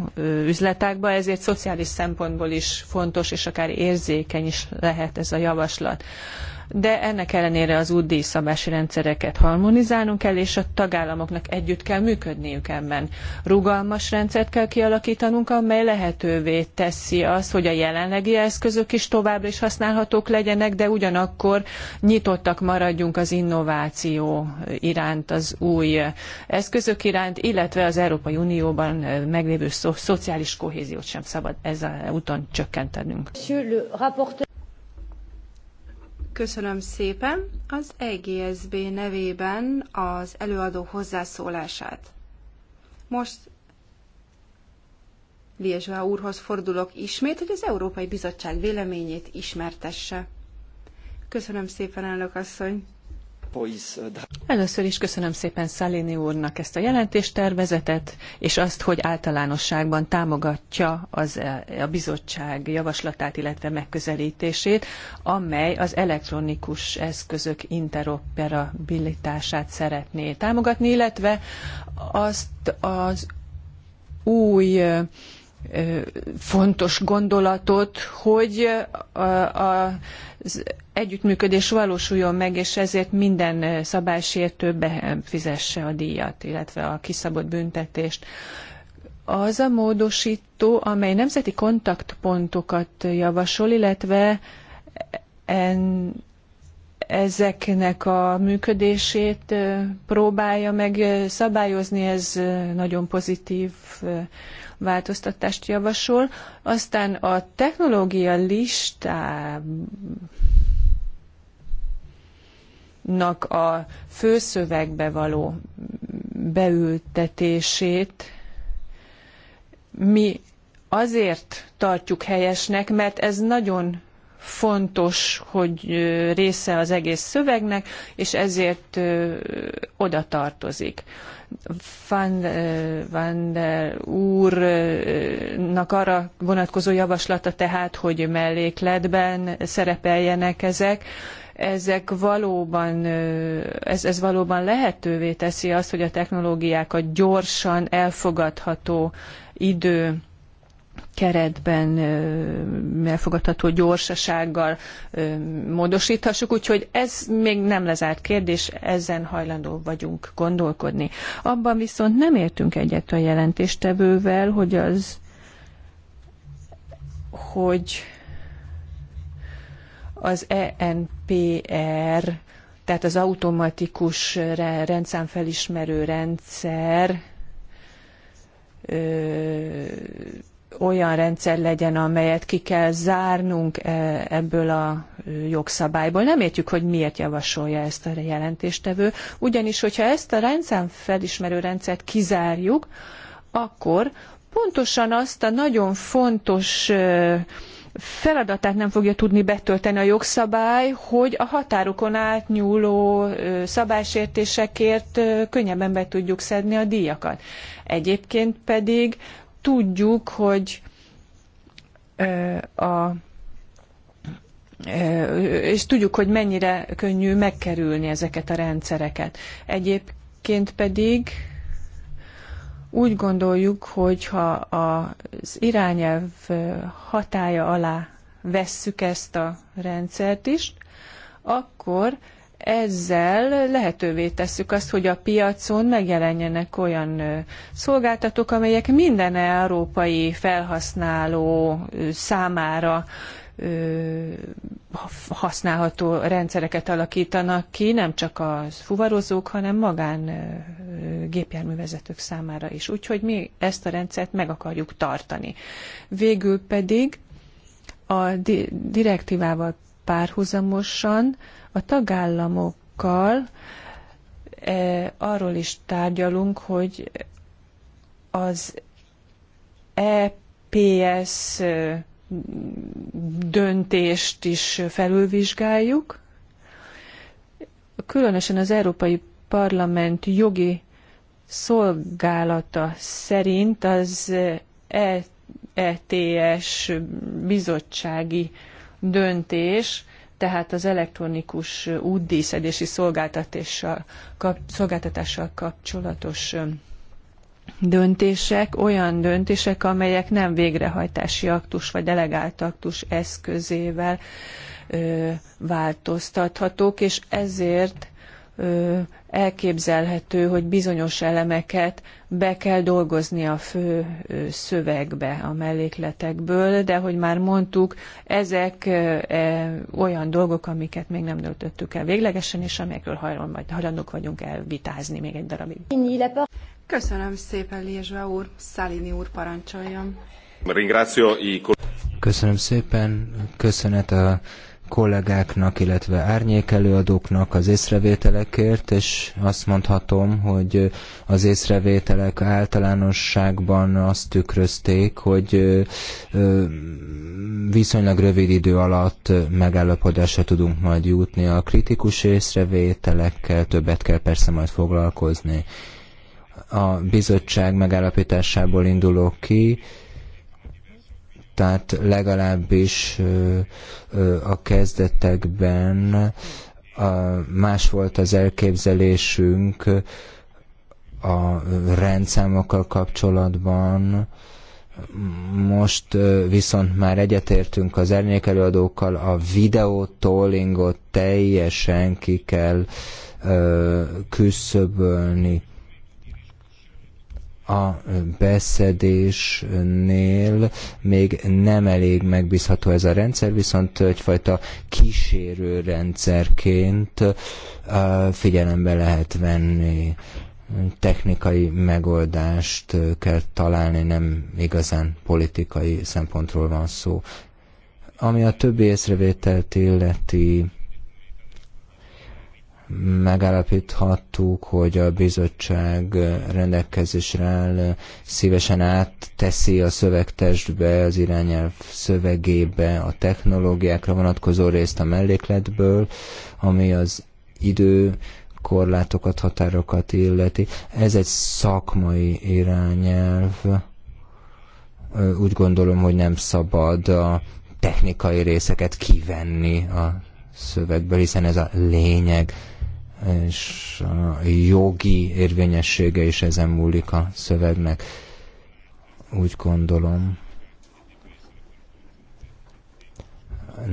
üzletákba, ezért szociális szempontból is fontos és akár érzékeny is lehet ez a javaslat de ennek ellenére az útdíjszabási rendszereket harmonizálnunk kell, és a tagállamoknak együtt kell működniük ebben. Rugalmas rendszert kell kialakítanunk, amely lehetővé teszi azt, hogy a jelenlegi eszközök is továbbra is használhatók legyenek, de ugyanakkor nyitottak maradjunk az innováció iránt, az új eszközök iránt, illetve az Európai Unióban meglévő szociális kohéziót sem szabad ez a úton csökkentenünk. Köszönöm szépen az EGSB nevében az előadó hozzászólását. Most Liezsa úrhoz fordulok ismét, hogy az Európai Bizottság véleményét ismertesse. Köszönöm szépen, elnök asszony! Uh, Először is köszönöm szépen Szalini úrnak ezt a jelentéstervezetet, és azt, hogy általánosságban támogatja az, e, a bizottság javaslatát, illetve megközelítését, amely az elektronikus eszközök interoperabilitását szeretné támogatni, illetve azt az új fontos gondolatot, hogy az együttműködés valósuljon meg, és ezért minden szabálysértő befizesse a díjat, illetve a kiszabott büntetést. Az a módosító, amely nemzeti kontaktpontokat javasol, illetve en ezeknek a működését próbálja meg szabályozni, ez nagyon pozitív változtatást javasol. Aztán a technológia listának a főszövegbe való beültetését mi azért tartjuk helyesnek, mert ez nagyon fontos, hogy része az egész szövegnek, és ezért oda tartozik. Van, Van der úrnak arra vonatkozó javaslata tehát, hogy mellékletben szerepeljenek ezek, ezek valóban, ez, ez valóban lehetővé teszi azt, hogy a technológiákat gyorsan elfogadható idő keretben elfogadható gyorsasággal módosíthassuk, úgyhogy ez még nem lezárt kérdés, ezen hajlandó vagyunk gondolkodni. Abban viszont nem értünk egyet a jelentéstevővel, hogy az hogy az ENPR, tehát az automatikus rendszámfelismerő rendszer olyan rendszer legyen, amelyet ki kell zárnunk e, ebből a jogszabályból. Nem értjük, hogy miért javasolja ezt a jelentéstevő, ugyanis, hogyha ezt a rendszám felismerő rendszert kizárjuk, akkor pontosan azt a nagyon fontos e, feladatát nem fogja tudni betölteni a jogszabály, hogy a határokon átnyúló e, szabálysértésekért könnyebben be tudjuk szedni a díjakat. Egyébként pedig tudjuk, hogy a és tudjuk, hogy mennyire könnyű megkerülni ezeket a rendszereket. Egyébként pedig úgy gondoljuk, hogy ha az irányelv hatája alá vesszük ezt a rendszert is, akkor ezzel lehetővé tesszük azt, hogy a piacon megjelenjenek olyan szolgáltatók, amelyek minden európai felhasználó számára használható rendszereket alakítanak ki, nem csak a fuvarozók, hanem magán gépjárművezetők számára is. Úgyhogy mi ezt a rendszert meg akarjuk tartani. Végül pedig a direktívával párhuzamosan a tagállamokkal e, arról is tárgyalunk, hogy az EPS e, döntést is felülvizsgáljuk. Különösen az Európai Parlament jogi szolgálata szerint az ETS bizottsági döntés, tehát az elektronikus útdíszedési szolgáltatással, kap, szolgáltatással kapcsolatos döntések, olyan döntések, amelyek nem végrehajtási aktus vagy delegált aktus eszközével ö, változtathatók, és ezért elképzelhető, hogy bizonyos elemeket be kell dolgozni a fő szövegbe, a mellékletekből, de hogy már mondtuk, ezek e, olyan dolgok, amiket még nem döntöttük el véglegesen, és amelyekről hajlan, majd hajlandók vagyunk elvitázni még egy darabig. Köszönöm szépen, Liezsva úr. Szalini úr, parancsoljon. Köszönöm szépen. Köszönet a kollégáknak, illetve árnyékelőadóknak az észrevételekért, és azt mondhatom, hogy az észrevételek általánosságban azt tükrözték, hogy viszonylag rövid idő alatt megállapodásra tudunk majd jutni. A kritikus észrevételekkel többet kell persze majd foglalkozni. A bizottság megállapításából indulok ki, tehát legalábbis a kezdetekben más volt az elképzelésünk a rendszámokkal kapcsolatban, most viszont már egyetértünk az előadókkal a videótollingot teljesen ki kell küszöbölni a beszedésnél még nem elég megbízható ez a rendszer, viszont egyfajta kísérő rendszerként figyelembe lehet venni technikai megoldást kell találni, nem igazán politikai szempontról van szó. Ami a többi észrevételt illeti, megállapíthattuk, hogy a bizottság rendelkezésre áll, szívesen átteszi a szövegtestbe, az irányelv szövegébe a technológiákra vonatkozó részt a mellékletből, ami az idő korlátokat, határokat illeti. Ez egy szakmai irányelv. Úgy gondolom, hogy nem szabad a technikai részeket kivenni a szövegből, hiszen ez a lényeg és a jogi érvényessége is ezen múlik a szövegnek. Úgy gondolom,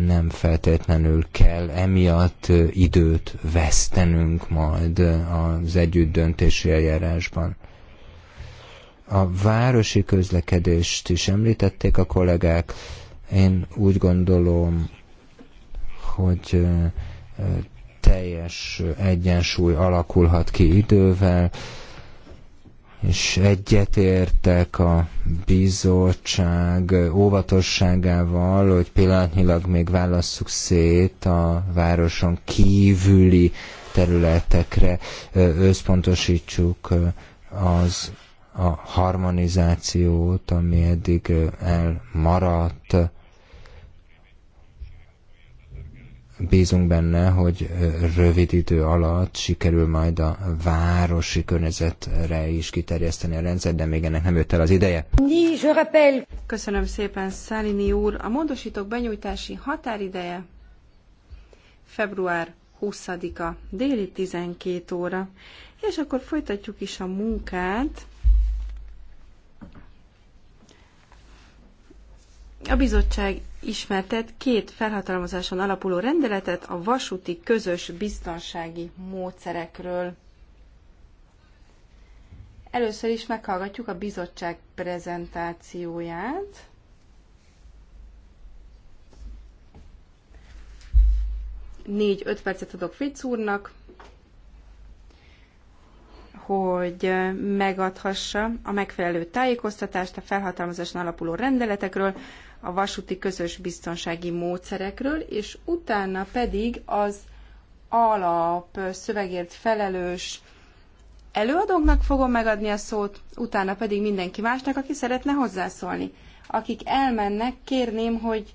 nem feltétlenül kell emiatt időt vesztenünk majd az együtt döntési eljárásban. A városi közlekedést is említették a kollégák. Én úgy gondolom, hogy teljes egyensúly alakulhat ki idővel, és egyetértek a bizottság óvatosságával, hogy pillanatnyilag még válasszuk szét a városon kívüli területekre, összpontosítsuk az a harmonizációt, ami eddig elmaradt bízunk benne, hogy rövid idő alatt sikerül majd a városi környezetre is kiterjeszteni a rendszert, de még ennek nem jött el az ideje. Köszönöm szépen, Szálini úr. A módosítók benyújtási határideje február 20-a, déli 12 óra. És akkor folytatjuk is a munkát. A bizottság ismertet két felhatalmazáson alapuló rendeletet a vasúti közös biztonsági módszerekről. Először is meghallgatjuk a bizottság prezentációját. Négy-öt percet adok Fritz úrnak, hogy megadhassa a megfelelő tájékoztatást a felhatalmazáson alapuló rendeletekről, a vasúti közös biztonsági módszerekről, és utána pedig az alap szövegért felelős előadóknak fogom megadni a szót, utána pedig mindenki másnak, aki szeretne hozzászólni. Akik elmennek, kérném, hogy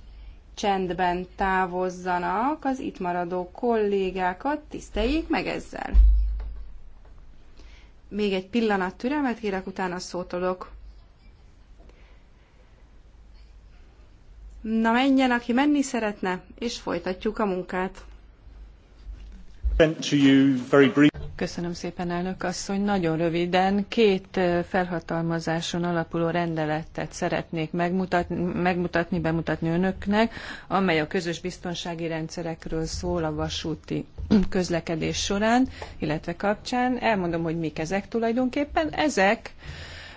csendben távozzanak, az itt maradó kollégákat tiszteljék meg ezzel. Még egy pillanat türelmet kérek, utána szót adok. Na menjen, aki menni szeretne, és folytatjuk a munkát. Köszönöm szépen, elnök asszony. Nagyon röviden két felhatalmazáson alapuló rendeletet szeretnék megmutatni, megmutatni, bemutatni önöknek, amely a közös biztonsági rendszerekről szól a vasúti közlekedés során, illetve kapcsán. Elmondom, hogy mik ezek tulajdonképpen. Ezek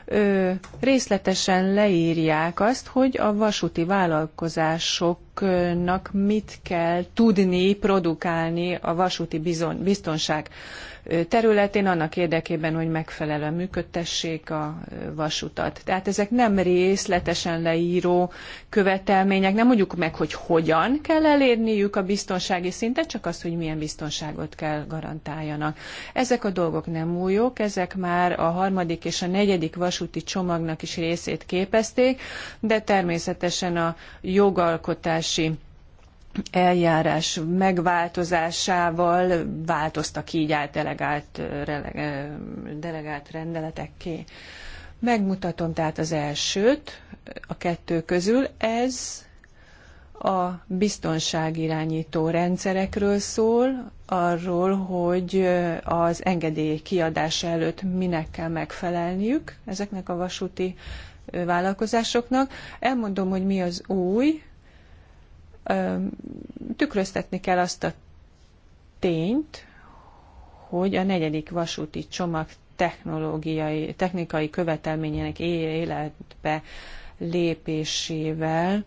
ö, részletesen leírják azt, hogy a vasúti vállalkozásoknak mit kell tudni produkálni a vasúti bizon, biztonság területén, annak érdekében, hogy megfelelően működtessék a vasutat. Tehát ezek nem részletesen leíró követelmények, nem mondjuk meg, hogy hogyan kell elérniük a biztonsági szintet, csak az, hogy milyen biztonságot kell garantáljanak. Ezek a dolgok nem újok, ezek már a harmadik és a negyedik vasúti csomagnak is részét képezték, de természetesen a jogalkotási eljárás megváltozásával változtak így át delegált, delegált rendeletekké. Megmutatom tehát az elsőt a kettő közül. Ez a biztonságirányító rendszerekről szól, arról, hogy az engedély kiadása előtt minek kell megfelelniük ezeknek a vasúti vállalkozásoknak. Elmondom, hogy mi az új, tükröztetni kell azt a tényt, hogy a negyedik vasúti csomag technológiai, technikai követelményének életbe lépésével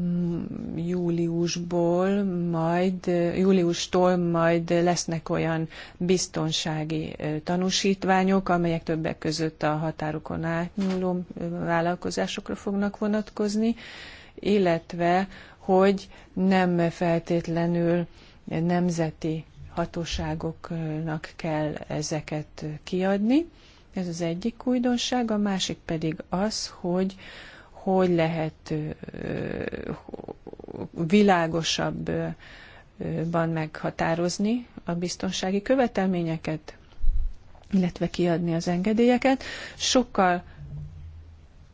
mm, júliusból majd, júliustól majd lesznek olyan biztonsági tanúsítványok, amelyek többek között a határokon átnyúló vállalkozásokra fognak vonatkozni, illetve hogy nem feltétlenül nemzeti hatóságoknak kell ezeket kiadni. Ez az egyik újdonság, a másik pedig az, hogy hogy lehet világosabban meghatározni a biztonsági követelményeket, illetve kiadni az engedélyeket. Sokkal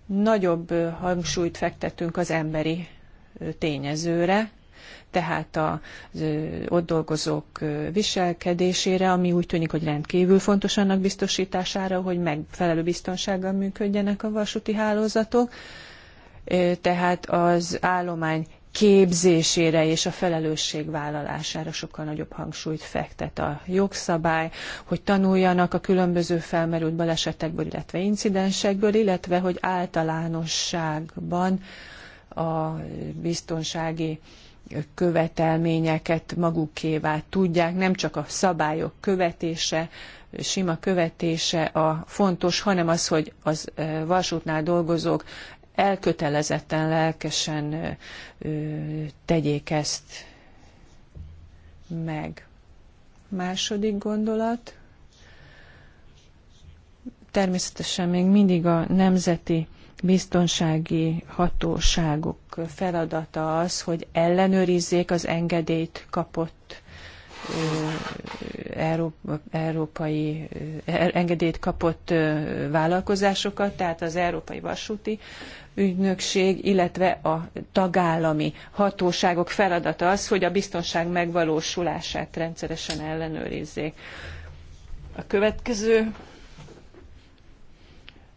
nagyobb hangsúlyt fektetünk az emberi tényezőre, tehát az ott dolgozók viselkedésére, ami úgy tűnik, hogy rendkívül fontos annak biztosítására, hogy megfelelő biztonsággal működjenek a vasúti hálózatok, tehát az állomány képzésére és a felelősségvállalására sokkal nagyobb hangsúlyt fektet a jogszabály, hogy tanuljanak a különböző felmerült balesetekből, illetve incidensekből, illetve hogy általánosságban a biztonsági követelményeket magukévá tudják, nem csak a szabályok követése, sima követése a fontos, hanem az, hogy az e, vasútnál dolgozók elkötelezetten, lelkesen e, e, tegyék ezt meg. Második gondolat. Természetesen még mindig a nemzeti biztonsági hatóságok feladata az, hogy ellenőrizzék az engedélyt kapott európai engedélyt kapott vállalkozásokat, tehát az Európai Vasúti Ügynökség, illetve a tagállami hatóságok feladata az, hogy a biztonság megvalósulását rendszeresen ellenőrizzék. A következő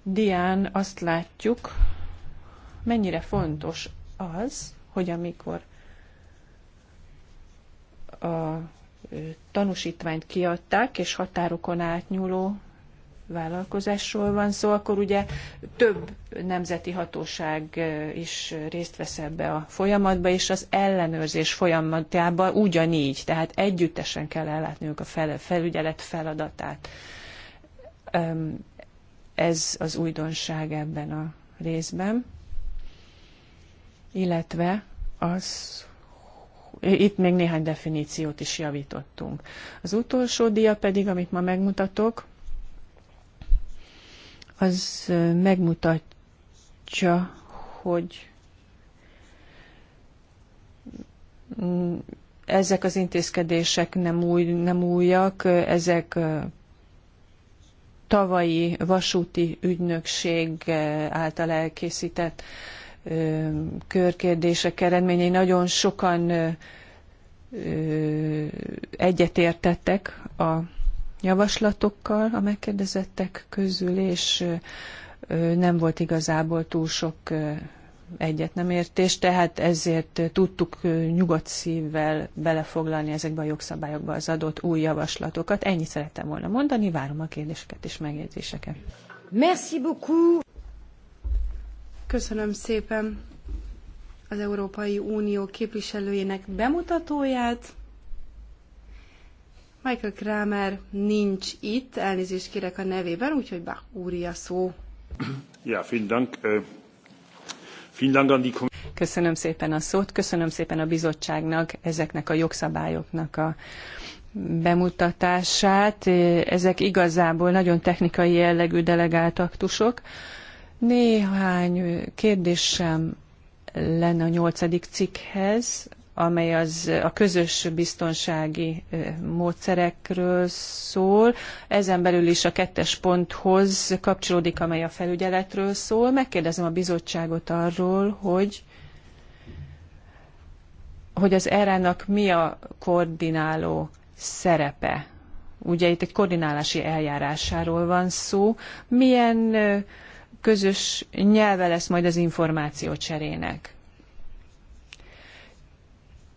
dián azt látjuk, mennyire fontos az, hogy amikor a tanúsítványt kiadták, és határokon átnyúló vállalkozásról van szó, akkor ugye több nemzeti hatóság is részt vesz ebbe a folyamatba, és az ellenőrzés folyamatában ugyanígy, tehát együttesen kell ellátniuk a felügyelet feladatát ez az újdonság ebben a részben. Illetve az, itt még néhány definíciót is javítottunk. Az utolsó dia pedig, amit ma megmutatok, az megmutatja, hogy ezek az intézkedések nem, új, nem újak, ezek tavalyi vasúti ügynökség eh, által elkészített körkérdések eredményei nagyon sokan egyetértettek a javaslatokkal a megkérdezettek közül, és nem volt igazából túl sok egyet nem értés, tehát ezért tudtuk nyugodt szívvel belefoglalni ezekbe a jogszabályokba az adott új javaslatokat. Ennyit szerettem volna mondani, várom a kérdéseket és megjegyzéseket. Merci beaucoup! Köszönöm szépen az Európai Unió képviselőjének bemutatóját. Michael Kramer nincs itt, elnézést kérek a nevében, úgyhogy bár úri a szó. Ja, vielen Dank. Köszönöm szépen a szót, köszönöm szépen a bizottságnak ezeknek a jogszabályoknak a bemutatását. Ezek igazából nagyon technikai jellegű delegált aktusok. Néhány kérdésem lenne a nyolcadik cikkhez, amely az a közös biztonsági módszerekről szól. Ezen belül is a kettes ponthoz kapcsolódik, amely a felügyeletről szól. Megkérdezem a bizottságot arról, hogy hogy az ERA-nak mi a koordináló szerepe. Ugye itt egy koordinálási eljárásáról van szó. Milyen közös nyelve lesz majd az információ cserének?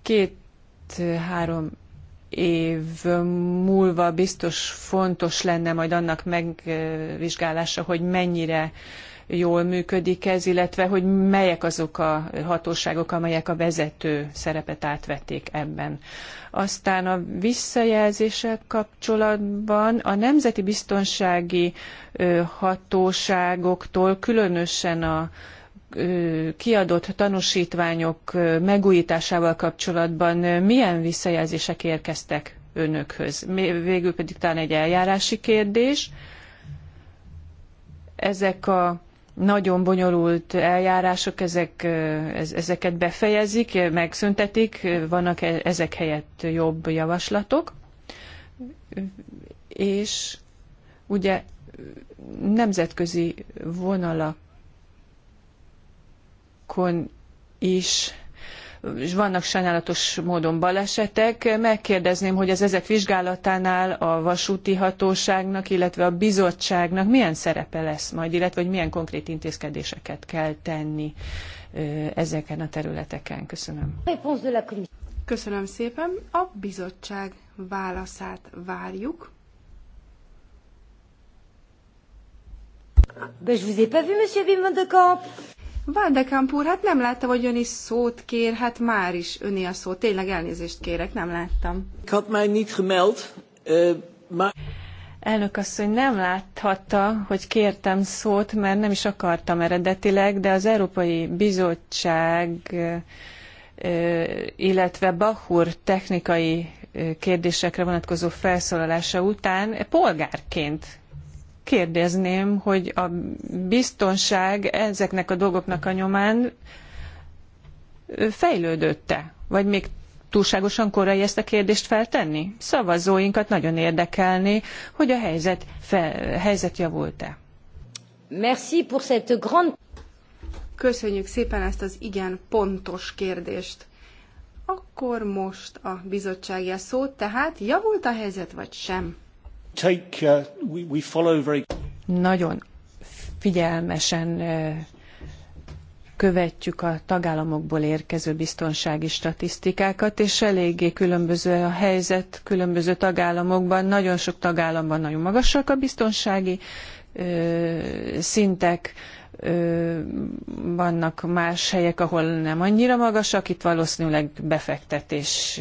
két-három év múlva biztos fontos lenne majd annak megvizsgálása, hogy mennyire jól működik ez, illetve hogy melyek azok a hatóságok, amelyek a vezető szerepet átvették ebben. Aztán a visszajelzések kapcsolatban a nemzeti biztonsági hatóságoktól, különösen a kiadott tanúsítványok megújításával kapcsolatban milyen visszajelzések érkeztek önökhöz? Végül pedig talán egy eljárási kérdés. Ezek a nagyon bonyolult eljárások, ezek, ezeket befejezik, megszüntetik, vannak e, ezek helyett jobb javaslatok. És ugye nemzetközi vonalak utakon is és vannak sajnálatos módon balesetek. Megkérdezném, hogy az ezek vizsgálatánál a vasúti hatóságnak, illetve a bizottságnak milyen szerepe lesz majd, illetve hogy milyen konkrét intézkedéseket kell tenni ezeken a területeken. Köszönöm. Köszönöm szépen. A bizottság válaszát várjuk. je vous ai pas vu, monsieur Vandekamp úr, hát nem láttam, hogy ön is szót kér, hát már is öné a szó. Tényleg elnézést kérek, nem láttam. Ik had mij gemeld, eh, Elnök asszony nem láthatta, hogy kértem szót, mert nem is akartam eredetileg, de az Európai Bizottság, eh, eh, illetve Bahur technikai kérdésekre vonatkozó felszólalása után polgárként kérdezném, hogy a biztonság ezeknek a dolgoknak a nyomán fejlődötte? Vagy még túlságosan korai ezt a kérdést feltenni? Szavazóinkat nagyon érdekelni, hogy a helyzet, helyzet javult-e. Merci pour cette grande... Köszönjük szépen ezt az igen pontos kérdést. Akkor most a bizottsági szó, tehát javult a helyzet, vagy sem? Uh, nagyon figyelmesen uh, követjük a tagállamokból érkező biztonsági statisztikákat, és eléggé különböző a helyzet különböző tagállamokban. Nagyon sok tagállamban nagyon magasak a biztonsági uh, szintek, vannak más helyek, ahol nem annyira magasak, itt valószínűleg befektetés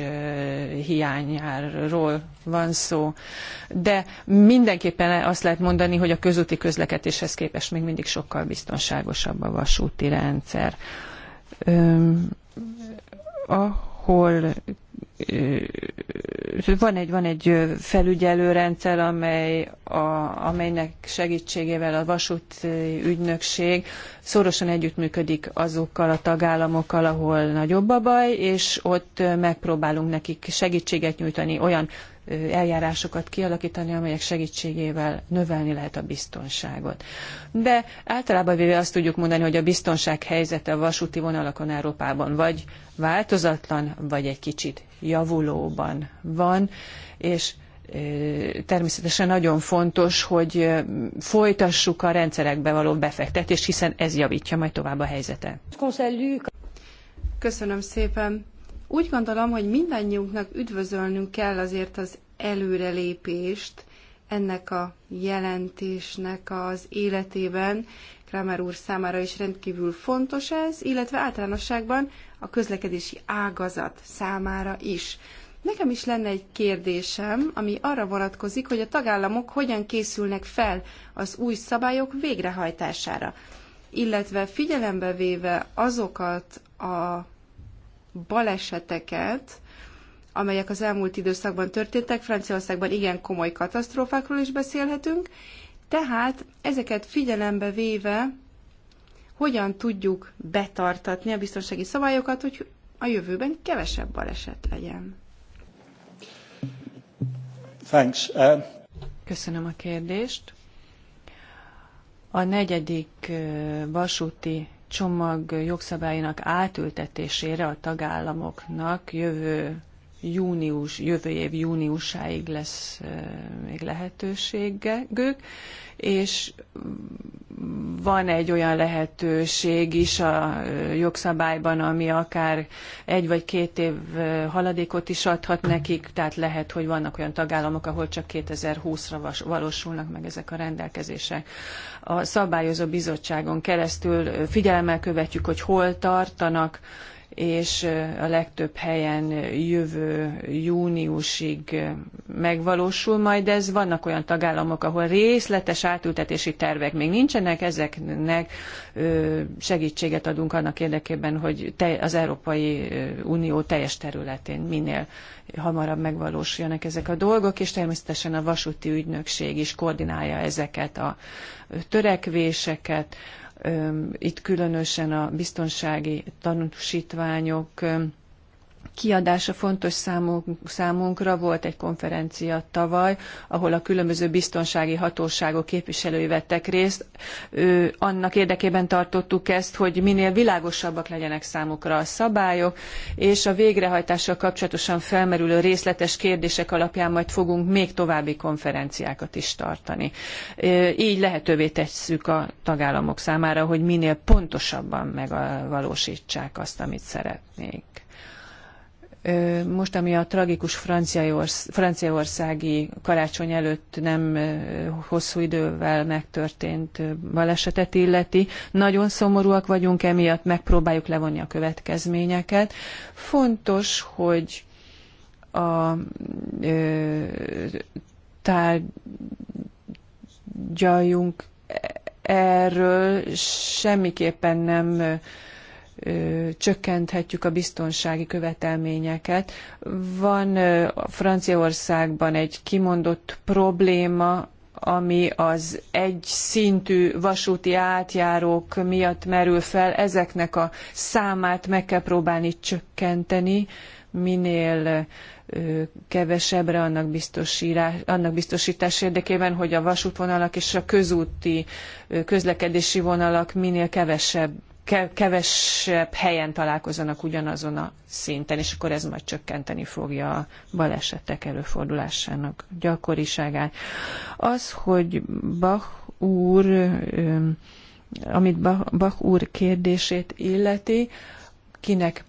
hiányáról van szó. De mindenképpen azt lehet mondani, hogy a közúti közlekedéshez képest még mindig sokkal biztonságosabb a vasúti rendszer. Ahol van egy, van egy felügyelőrendszer, amely a, amelynek segítségével a vasúti ügynökség szorosan együttműködik azokkal a tagállamokkal, ahol nagyobb a baj, és ott megpróbálunk nekik segítséget nyújtani olyan eljárásokat kialakítani, amelyek segítségével növelni lehet a biztonságot. De általában véve azt tudjuk mondani, hogy a biztonság helyzete a vasúti vonalakon Európában vagy változatlan, vagy egy kicsit javulóban van, és természetesen nagyon fontos, hogy folytassuk a rendszerekbe való befektetést, hiszen ez javítja majd tovább a helyzetet. Köszönöm szépen. Úgy gondolom, hogy mindannyiunknak üdvözölnünk kell azért az előrelépést ennek a jelentésnek az életében. Kramer úr számára is rendkívül fontos ez, illetve általánosságban a közlekedési ágazat számára is. Nekem is lenne egy kérdésem, ami arra vonatkozik, hogy a tagállamok hogyan készülnek fel az új szabályok végrehajtására, illetve figyelembe véve azokat a baleseteket, amelyek az elmúlt időszakban történtek. Franciaországban igen komoly katasztrófákról is beszélhetünk, tehát ezeket figyelembe véve hogyan tudjuk betartatni a biztonsági szabályokat, hogy a jövőben kevesebb baleset legyen. Thanks. Uh... Köszönöm a kérdést. A negyedik uh, vasúti csomag jogszabályainak átültetésére a tagállamoknak jövő június, jövő év júniusáig lesz még lehetőségük, és van egy olyan lehetőség is a jogszabályban, ami akár egy vagy két év haladékot is adhat nekik, tehát lehet, hogy vannak olyan tagállamok, ahol csak 2020-ra valósulnak meg ezek a rendelkezések. A szabályozó bizottságon keresztül figyelemmel követjük, hogy hol tartanak, és a legtöbb helyen jövő júniusig megvalósul majd ez. Vannak olyan tagállamok, ahol részletes átültetési tervek még nincsenek, ezeknek segítséget adunk annak érdekében, hogy az Európai Unió teljes területén minél hamarabb megvalósuljanak ezek a dolgok, és természetesen a vasúti ügynökség is koordinálja ezeket a törekvéseket itt különösen a biztonsági tanúsítványok kiadása fontos számunkra. Volt egy konferencia tavaly, ahol a különböző biztonsági hatóságok képviselői vettek részt. annak érdekében tartottuk ezt, hogy minél világosabbak legyenek számukra a szabályok, és a végrehajtással kapcsolatosan felmerülő részletes kérdések alapján majd fogunk még további konferenciákat is tartani. Így lehetővé tesszük a tagállamok számára, hogy minél pontosabban megvalósítsák azt, amit szeretnék. Most, ami a tragikus franciaországi karácsony előtt nem hosszú idővel megtörtént balesetet illeti, nagyon szomorúak vagyunk emiatt, megpróbáljuk levonni a következményeket. Fontos, hogy a tárgyaljunk e-, erről semmiképpen nem csökkenthetjük a biztonsági követelményeket. Van Franciaországban egy kimondott probléma, ami az egyszintű vasúti átjárók miatt merül fel, ezeknek a számát meg kell próbálni csökkenteni, minél kevesebbre annak, biztosírás, annak biztosítás érdekében, hogy a vasútvonalak és a közúti közlekedési vonalak minél kevesebb kevesebb helyen találkozzanak ugyanazon a szinten, és akkor ez majd csökkenteni fogja a balesetek előfordulásának gyakoriságát. Az, hogy Bach úr, amit Bach úr kérdését illeti, kinek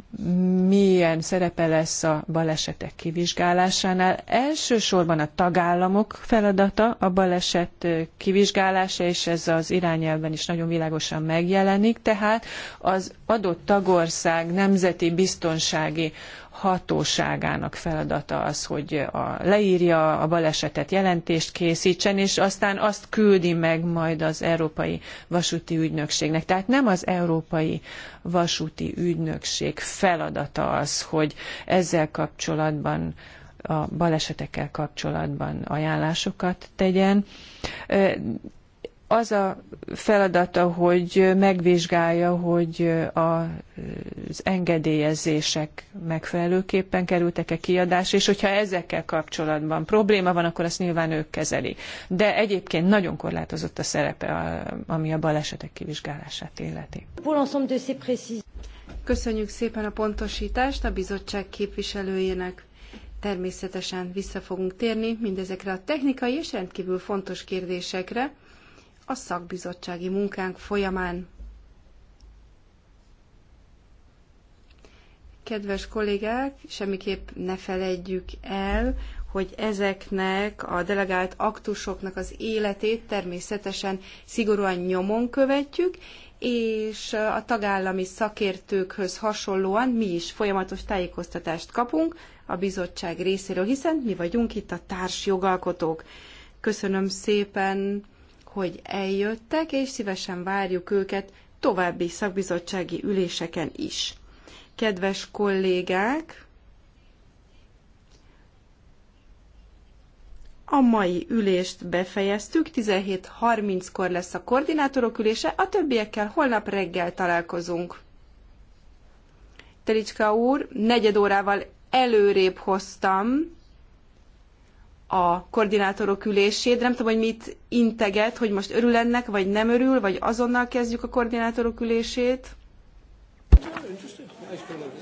milyen szerepe lesz a balesetek kivizsgálásánál. Elsősorban a tagállamok feladata a baleset kivizsgálása, és ez az irányelven is nagyon világosan megjelenik, tehát az adott tagország nemzeti biztonsági hatóságának feladata az, hogy a, leírja a balesetet, jelentést készítsen, és aztán azt küldi meg majd az Európai Vasúti Ügynökségnek. Tehát nem az Európai Vasúti Ügynökség feladata az, hogy ezzel kapcsolatban a balesetekkel kapcsolatban ajánlásokat tegyen az a feladata, hogy megvizsgálja, hogy az engedélyezések megfelelőképpen kerültek-e kiadás, és hogyha ezekkel kapcsolatban probléma van, akkor azt nyilván ők kezelik. De egyébként nagyon korlátozott a szerepe, ami a balesetek kivizsgálását illeti. Köszönjük szépen a pontosítást a bizottság képviselőjének. Természetesen vissza fogunk térni mindezekre a technikai és rendkívül fontos kérdésekre, a szakbizottsági munkánk folyamán. Kedves kollégák, semmiképp ne feledjük el, hogy ezeknek a delegált aktusoknak az életét természetesen szigorúan nyomon követjük, és a tagállami szakértőkhöz hasonlóan mi is folyamatos tájékoztatást kapunk a bizottság részéről, hiszen mi vagyunk itt a társjogalkotók. Köszönöm szépen hogy eljöttek, és szívesen várjuk őket további szakbizottsági üléseken is. Kedves kollégák, a mai ülést befejeztük, 17.30-kor lesz a koordinátorok ülése, a többiekkel holnap reggel találkozunk. Telicska úr, negyed órával előrébb hoztam, a koordinátorok ülését, de nem tudom, hogy mit integet, hogy most örül ennek, vagy nem örül, vagy azonnal kezdjük a koordinátorok ülését. Interesting.